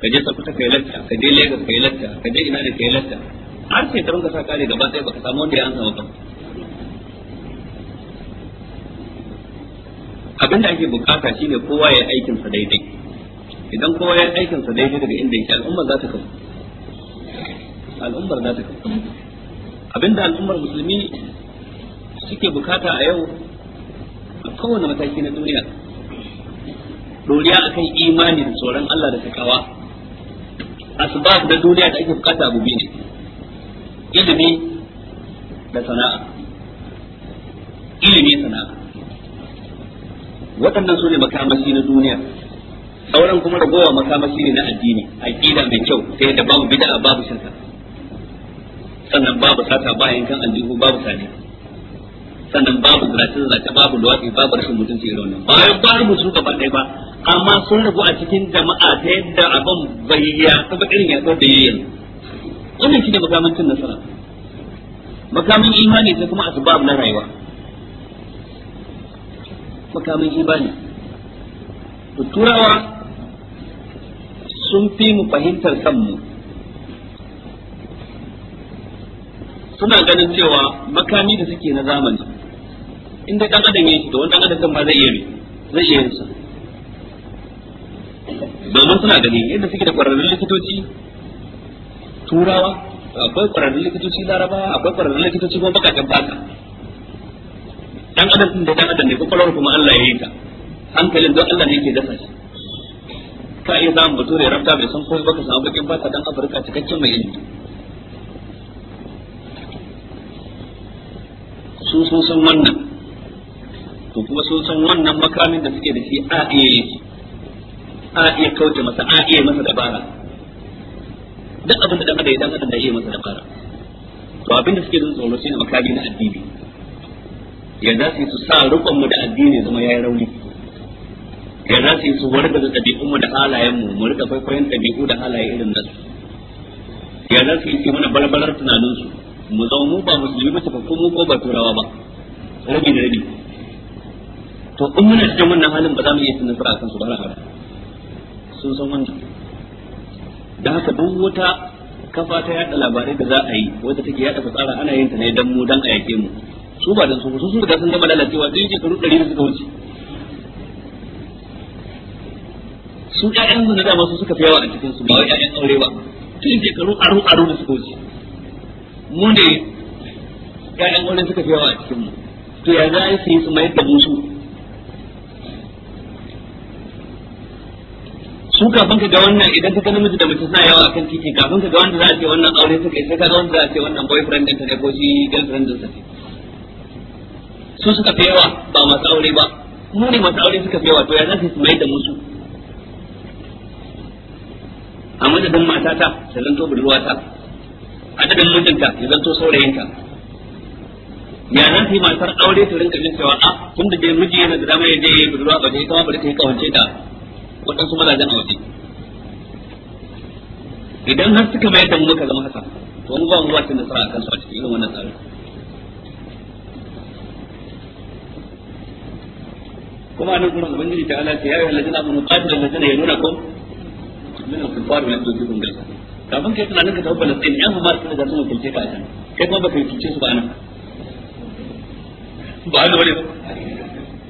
[SPEAKER 1] ka je sakuta kai latta ka je lagos kai latta ka je ina da kai latta har sai ka rinka sa kare gaba ɗaya ka samu wanda ya ansa maka abin da ake bukata shine kowa ya aikin sa daidai idan kowa ya aikin sa daidai daga inda yake al'umma za ta kafu al'ummar za ta kafu da al'ummar musulmi suke bukata a yau a kowane mataki na duniya doriya akan imani da tsoron Allah da takawa asbab na duniya da ake bukata abu biyu ne ilimi da sana'a ilimi sana'a waɗannan su ne makamashi na duniya sauran kuma ragowa makamashi ne na addini aqida mai kyau sai da babu bid'a babu shirka sannan babu sata bayan kan aljihu babu sani sannan babu zirace zirace babu luwaɗi babu rashin mutunci irin wannan bayan babu su gaba ɗaya ba amma sun rabu a cikin jama'a ta yadda abin bai ya ta irin ya da yayin wannan shine makamancin nasara makamin imani sai kuma asbab na rayuwa makamin imani to turawa sun fi mu fahimtar kanmu suna ganin cewa makami da suke na zamani inda dan adam yake to wannan adam kan ba zai iya zai iya sa domin suna gani yadda suke da ƙwararrun likitoci turawa akwai ƙwararrun likitoci laraba akwai ƙwararrun likitoci kuma bakakan baka, dan adam din da dan adam ne kwakwalwar kuma Allah ya yi ta hankalin don Allah ne yake dasa shi ka iya samun bature rafta bai san kowa baka samu bakin baka dan Afirka cikakken mai ilimi su sun san wannan to kuma sun san wannan makamin da suke da shi a iya yi a iya kauce masa a iya masa dabara duk abin da dan adam ya dan adam da iya masa dabara to abin da suke zuwa tsoro shine makami na addini ya za su yi su sa rukun mu da addini zama yayi rauni ya za su yi su warda da dabi'un mu da halayen mu mu rika kwaikwayon dabi'u da halaye irin nasu ya za su yi su mana balbalar tunanin su mu zama mu ba musulmi ba ko mu ko ba turawa ba rabi da rabi
[SPEAKER 2] to in muna cikin
[SPEAKER 1] wannan halin ba za mu iya tunanin su ba har sun san wannan da haka duk wata kafa ta yada labarai da za a yi wata take yada fasara ana yin ta ne dan mu dan a yake mu su ba dan su su sun riga sun gama lalacewa sai karu 100 da suka wuce su ƴaƴan zuna dama su suka fi yawa a cikin su ba wai ƴaƴan aure ba tun karu aru aru da suka wuce mu ne ƴaƴan aure suka fi yawa a cikin mu to ya za a yi su mayar da mu su su kafin ka ga wannan idan ka gani miji da mace suna yawa akan titi kafin ka ga wanda za a ce wannan aure suka sai ka ga wanda za a ce wannan boyfriend ɗinta ne ko shi girlfriend ɗinsa ne su suka fi yawa ba masu aure ba mu ne masu aure suka fi yawa to ya za su mai da musu a madadin matata ta zanto budurwata dadin mijinta ya zanto saurayinta ya nan su yi matar aure ta rinka jin cewa a ah, tun da dai miji yana da dama ya je budurwa ba ta yi kama bari ta yi kawance ta waɗansu mazajen a waje idan har suka mai da muka zama haka to mu ba mu ba cin nasara a kansu a cikin irin wannan tsari kuma anan kuma ubangiji ta ala ta yayi allazina amanu qatil allazina yalunakum min al-kuffar wa yaddukum bil kafin kai tunanin ka tabbata sai yan ma sun da sun kulce ka a can kai kuma baka kulce su ba nan ba da wani ba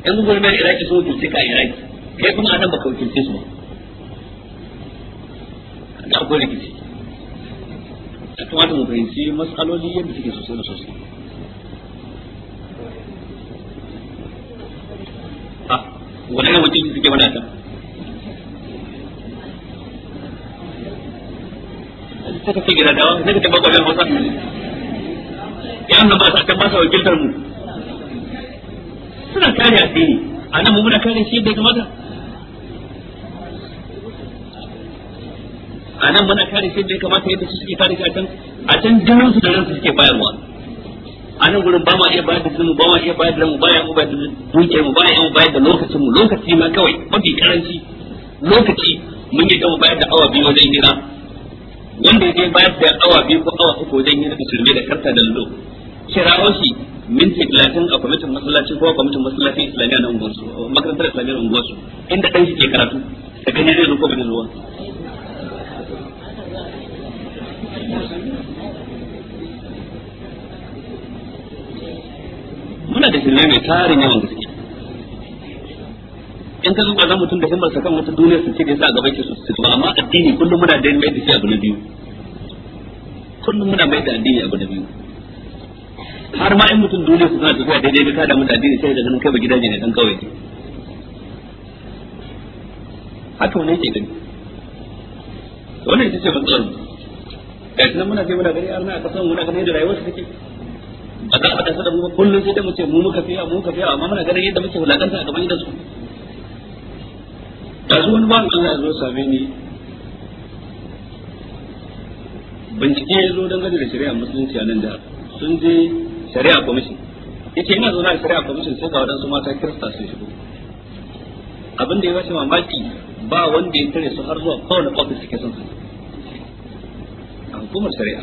[SPEAKER 1] yan gurbin iraki sun kulce ka a iraki kai kuma a nan baka wakilce su ba da akwai rikici ta kamata mu fahimci matsaloli yadda suke sosai da sosai a ah, na wakilci suke wani ta
[SPEAKER 2] ta kace gida dawa ne ka ba hausa
[SPEAKER 1] ya amma ba ta ba sa wakiltar mu suna kare addini a nan mu muna kare shi da kamata a nan muna kare shi da ya kamata yadda su suke kare shi a can a can jinin su da ransu suke bayarwa a nan gurin ba ma iya bayar da jinin ba ma iya bayar da mu ba ya mu bayar da dukiyar mu ba ya mu bayar da lokacin mu lokaci ma kawai mafi karanci lokaci mun yi gama bayar da awa biyu wajen hira wanda ya bayar da awa biyu ko awa uku wajen hira da shirme da karta da lullu kirawo shi minti talatin a kwamitin masallaci ko a kwamitin masallacin islamiyya na unguwarsu makarantar islamiyya na unguwarsu inda ɗan shi ke karatu da ganin zai zo ko muna da shirme mai tarin yawan gaske in ka zuba zan mutum da himmar sa kan wata duniya su ce da yasa gaba ke su su ba amma addini kullum muna da mai da shi abu na biyu kullum muna mai da addini abu na biyu har ma in mutum duniya su suna tafiya daidai da kada mun addini sai da ganin kai ba gida ne dan kawai haka wani yake gani wannan ita ce matsalar gashi eh, nan muna je muna gani arna a kasan muna ganin yadda rayuwarsu take ba za a faɗa da mu kullum sai da mu ce mu muka fiya mu muka fiya amma muna ganin yadda muke hulakanta a gaban gidan su da su wani bawan Allah ya zo same ni bincike ya zo dangane da shari'a musulunci a nan da sun je shari'a commission yace ina zaune a shari'a commission sai ga wadansu mata kirista sun shigo abin da ya bashi mamaki ba wanda ya tare su har zuwa kowane ofis suke son su hukumar shari'a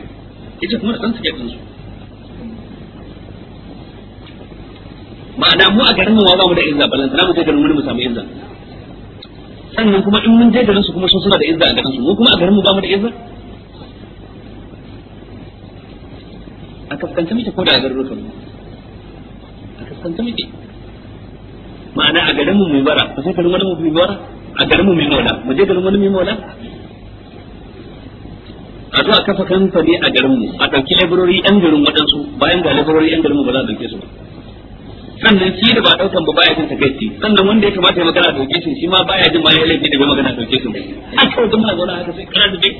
[SPEAKER 1] ita kuma san suke kansu ma'ana mu a garin mu ba mu da izza balan sana mu je garin mu samu izza sannan kuma in mun je garin su kuma sun suna da izza a garin su mu kuma a garin mu ba mu da izza a kaskanta muke ko da a garin rukan a kaskanta muke ma'ana a garin mu mai bara ba sai garin wani mu bara a garin mu mai maula mu je garin mu mai maula a zo a kafa kamfani a garin mu a ɗauki laborori yan garin waɗansu bayan ga laborori yan garin mu ba za a ɗauke su sannan shi da ba a ɗaukan ba baya jin takaici sannan wanda ya kamata ya magana ɗauke shi shi ma baya jin ma ya laifi daga magana ɗauke shi
[SPEAKER 2] a kawai zama a zauna haka sai kana da dai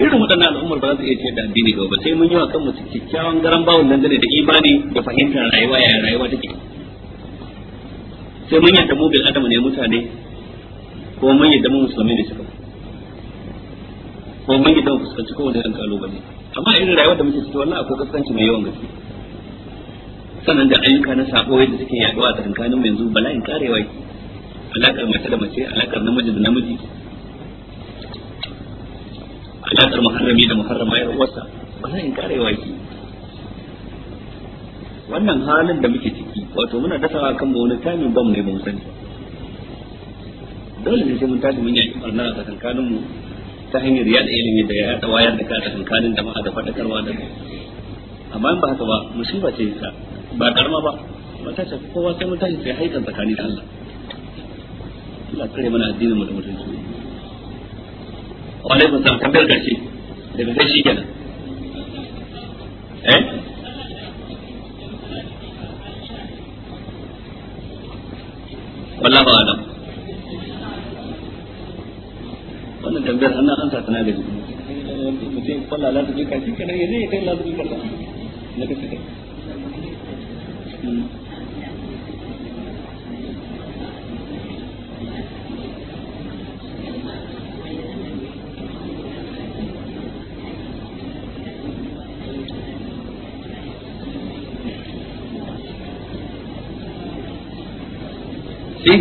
[SPEAKER 1] irin waɗannan al'ummar ba za su iya ciyar da addini ba sai mun yi wa kanmu kyakkyawan garan bawon dangane da imani da fahimtar rayuwa ya rayuwa take sai mun yadda mu bil adama ne mutane ko man yadda mu musulmi ne suka ko man yadda mu fuskanci kowane irin kalubale amma irin rayuwar da muke ciki wannan akwai kasance mai yawan gaske sannan da ayyuka na sabo yadda suke yaduwa a tsakanin mu yanzu bala'in karewa yake alakar mace da mace alakar namiji da namiji alakar muharrami da muharrama yar wasa bala'in karewa yake wannan halin da muke ciki wato muna dasawa kan ba wani tamin bam ne ba sani dole ne sai mun tashi mun yaki barna a tsakankanin mu ta hanyar yada ilimi da yada wayar da ka tsakankanin jama'a da faɗakarwa da amma in ba haka ba musiba ce ta ba karma ba mata ta ce kowa sai mun tashi sai haikan tsakani da Allah Allah kare mana addinin mu da mutunci wa alaikum salam tambayar da
[SPEAKER 2] ba gashi kenan eh wallahi ba adam wannan tambayar an an
[SPEAKER 1] tana mutum kwalla la ta duka shi yanzu ya kai la ta duka na ka sai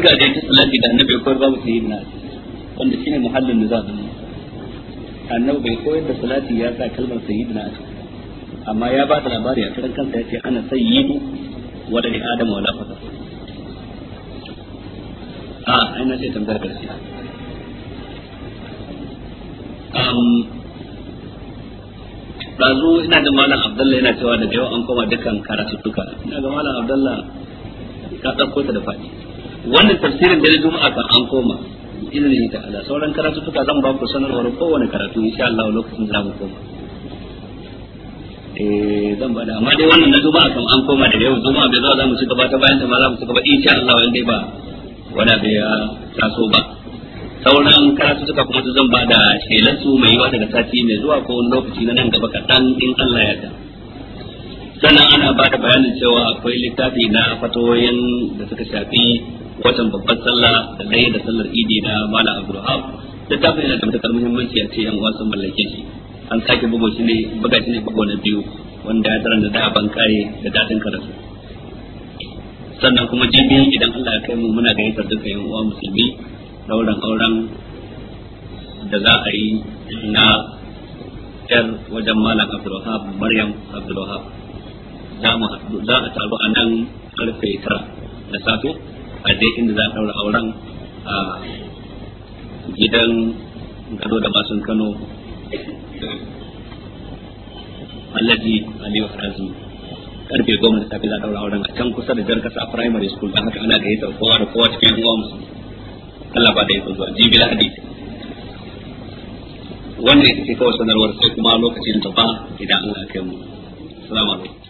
[SPEAKER 2] ga da ta salati da annabi
[SPEAKER 1] ko babu sayyidina wanda shine muhallin da za a zama annabi bai koyar da salati ya sa kalmar sayyidina amma ya ba da labari a karan kansa ya ce ana sayyidu wa da adam wa la fata a ah, Aina ce tambayar gaske um dazu ina da malam abdullahi yana cewa da yau an koma dukan duka. ina ga malam abdullahi ka dauko ta da fadi wannan tafsirin da juma'a kan an koma izinin ta ta'ala sauran karatu tuka zan ba ku sanarwar kowane karatu insha Allah lokacin da mu koma eh zan bada amma dai wannan na juma'a kan an koma da yau juma'a bai za zamu ci gaba ta bayan ta ma zamu ci gaba insha Allah wanda ba wanda bai taso ba sauran karatu tuka kuma zan ba da shelan su mai yawa daga sati mai zuwa ko wani lokaci na nan gaba kaɗan in Allah ya ta sannan ana ba da bayanin cewa akwai littafi na fatoyin da suka shafi watan babban sallah da dai da sallar idi da mala da ta yana da matakar muhimmanci a ce yan uwa sun mallake shi an sake bugo shi ne buga shi ne bugo na biyu wanda ya tarar da da ban kare da dadin karatu sannan kuma jibi idan Allah ya kai mu muna yadda duka yan uwa musulmi dauran auren da za a yi na yar wajen malam abdulwahab maryam abdulwahab za a taru a nan karfe tara da safe a dai inda za a daura auren a gidan gado da basun kano alhaji aliyu harazmi karfe goma da safe za a daura auren a can kusa da jarkasa a primary school don haka ana da yadda kowa da kowa cikin yan uwansu Allah ba da yi zuwa jibi lahadi wannan ita ce kawai sanarwar sai
[SPEAKER 4] kuma lokacin da ba idan an ya kai mu salamu alaikum